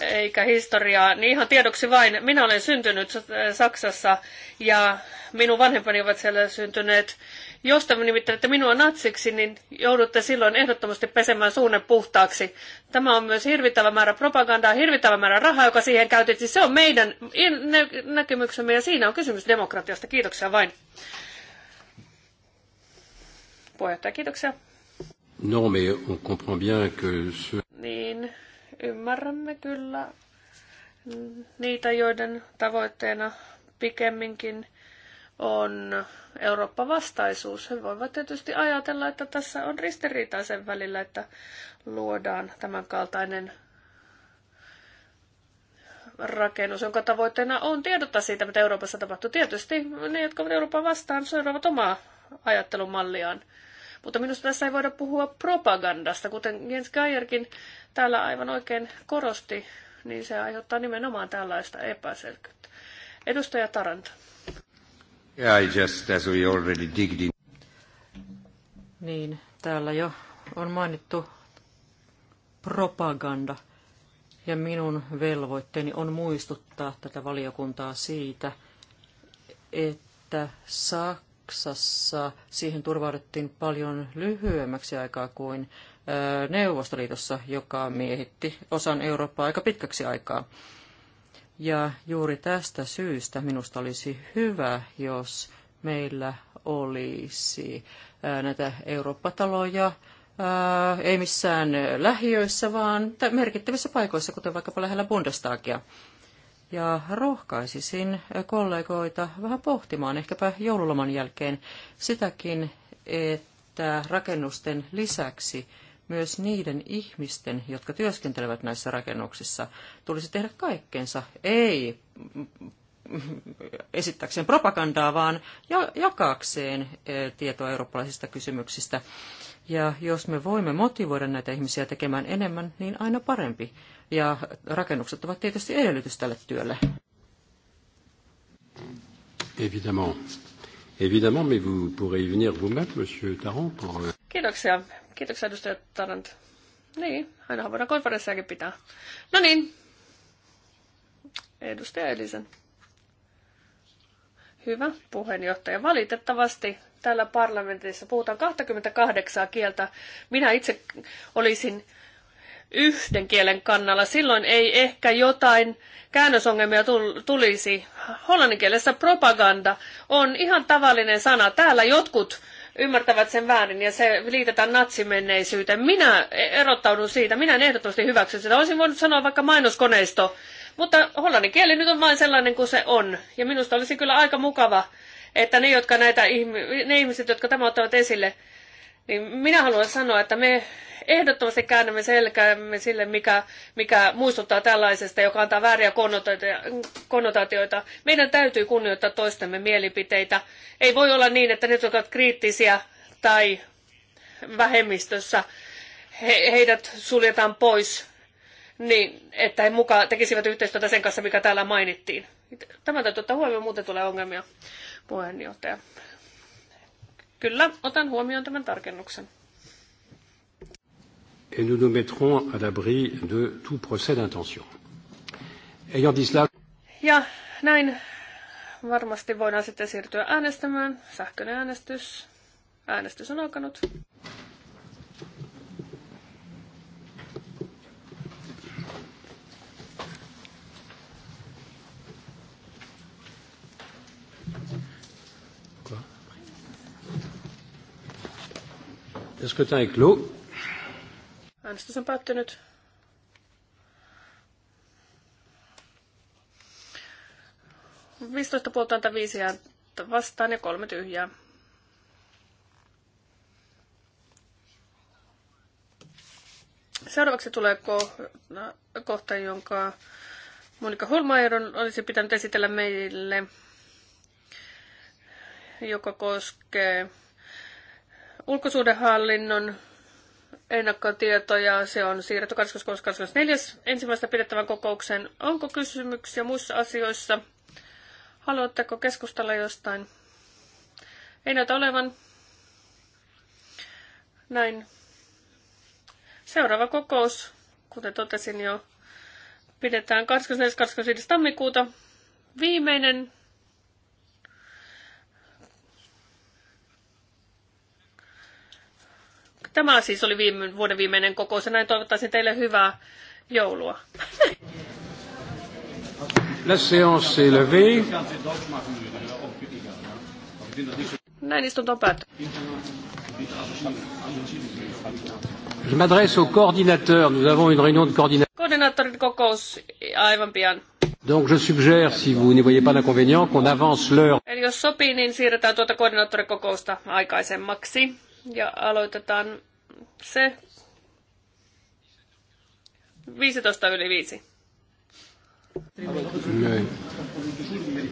eikä historiaa, niin ihan tiedoksi vain, minä olen syntynyt Saksassa ja minun vanhempani ovat siellä syntyneet. Jos te että minua natsiksi, niin joudutte silloin ehdottomasti pesemään suunne puhtaaksi. Tämä on myös hirvittävä määrä propagandaa, hirvittävä määrä rahaa, joka siihen käytettiin. Se on meidän näkemyksemme ja siinä on kysymys demokratiasta. Kiitoksia vain. Puheenjohtaja, kiitoksia. No, me on comprend bien que ce... Niin, ymmärrämme kyllä niitä, joiden tavoitteena pikemminkin on Eurooppa-vastaisuus. He voivat tietysti ajatella, että tässä on ristiriitaisen välillä, että luodaan tämän rakennus, jonka tavoitteena on tiedottaa siitä, mitä Euroopassa tapahtuu. Tietysti ne, jotka ovat Euroopan vastaan, seuraavat omaa ajattelumalliaan. Mutta minusta tässä ei voida puhua propagandasta, kuten Jens Geierkin täällä aivan oikein korosti, niin se aiheuttaa nimenomaan tällaista epäselkyyttä. Edustaja Taranta. Yeah, just, as we already digged in. Niin, täällä jo on mainittu propaganda. Ja minun velvoitteeni on muistuttaa tätä valiokuntaa siitä, että saa Saksassa siihen turvauduttiin paljon lyhyemmäksi aikaa kuin Neuvostoliitossa, joka miehitti osan Eurooppaa aika pitkäksi aikaa. Ja juuri tästä syystä minusta olisi hyvä, jos meillä olisi näitä Eurooppa-taloja, ei missään lähiöissä, vaan merkittävissä paikoissa, kuten vaikkapa lähellä Bundestagia ja rohkaisisin kollegoita vähän pohtimaan, ehkäpä joululoman jälkeen, sitäkin, että rakennusten lisäksi myös niiden ihmisten, jotka työskentelevät näissä rakennuksissa, tulisi tehdä kaikkeensa, ei esittääkseen propagandaa, vaan jakaakseen e, tietoa eurooppalaisista kysymyksistä. Ja jos me voimme motivoida näitä ihmisiä tekemään enemmän, niin aina parempi ja rakennukset ovat tietysti edellytys tälle työlle. Évidemment. Évidemment, mais vous pourrez y venir vous-même, monsieur Tarant. Pour... Euh, Kiitoksia. Kiitoksia, edustaja Tarant. Niin, ainahan voidaan konferenssiakin pitää. No niin. Edustaja Elisen. Hyvä puheenjohtaja. Valitettavasti täällä parlamentissa puhutaan 28 kieltä. Minä itse olisin yhden kielen kannalla, silloin ei ehkä jotain käännösongelmia tulisi. Hollannin kielessä propaganda on ihan tavallinen sana. Täällä jotkut ymmärtävät sen väärin ja se liitetään natsimenneisyyteen. Minä erottaudun siitä, minä en ehdottomasti hyväksy sitä. Olisin voinut sanoa vaikka mainoskoneisto, mutta hollannin kieli nyt on vain sellainen kuin se on. Ja minusta olisi kyllä aika mukava, että ne, jotka näitä, ne ihmiset, jotka tämä ottavat esille, niin minä haluan sanoa, että me ehdottomasti käännämme selkäämme sille, mikä, mikä muistuttaa tällaisesta, joka antaa vääriä konnotaatioita. Meidän täytyy kunnioittaa toistemme mielipiteitä. Ei voi olla niin, että ne, jotka ovat kriittisiä tai vähemmistössä, he, heidät suljetaan pois, niin että he mukaan tekisivät yhteistyötä sen kanssa, mikä täällä mainittiin. Tämä täytyy ottaa huomioon, muuten tulee ongelmia, puheenjohtaja. Kyllä, otan huomioon tämän tarkennuksen. Et nous nous mettrons à l'abri de tout procès d'intention. Ayant dit cela... Ja näin varmasti voidaan sitten siirtyä äänestämään. Sähköinen äänestys. Äänestys on alkanut. Le scrutin est clos. Äänestys on päättynyt. Viisitoista puolta ääntä viisi ääntä vastaan ja kolme tyhjää. Seuraavaksi tulee ko- kohta, jonka Monika Holmaier olisi pitänyt esitellä meille, joka koskee ulkosuhdehallinnon ennakkotietoja. Se on siirretty 23.24. ensimmäistä pidettävän kokouksen Onko kysymyksiä muissa asioissa? Haluatteko keskustella jostain? Ei näytä olevan. Näin. Seuraava kokous, kuten totesin jo, pidetään 24.25. tammikuuta. Viimeinen Tämä siis oli viime, vuoden viimeinen kokous ja näin toivottaisin teille hyvää joulua. La séance est levée. Näin istunto on päättynyt. Je m'adresse au coordinateur. Nous avons une réunion de coordinateur. Koordinaattorin kokous aivan pian. Donc je suggère, si vous n'y voyez pas d'inconvénient, qu'on avance l'heure. Eli jos sopii, niin siirretään tuota koordinaattorikokousta aikaisemmaksi ja aloitetaan se 15 yli 5. Näin.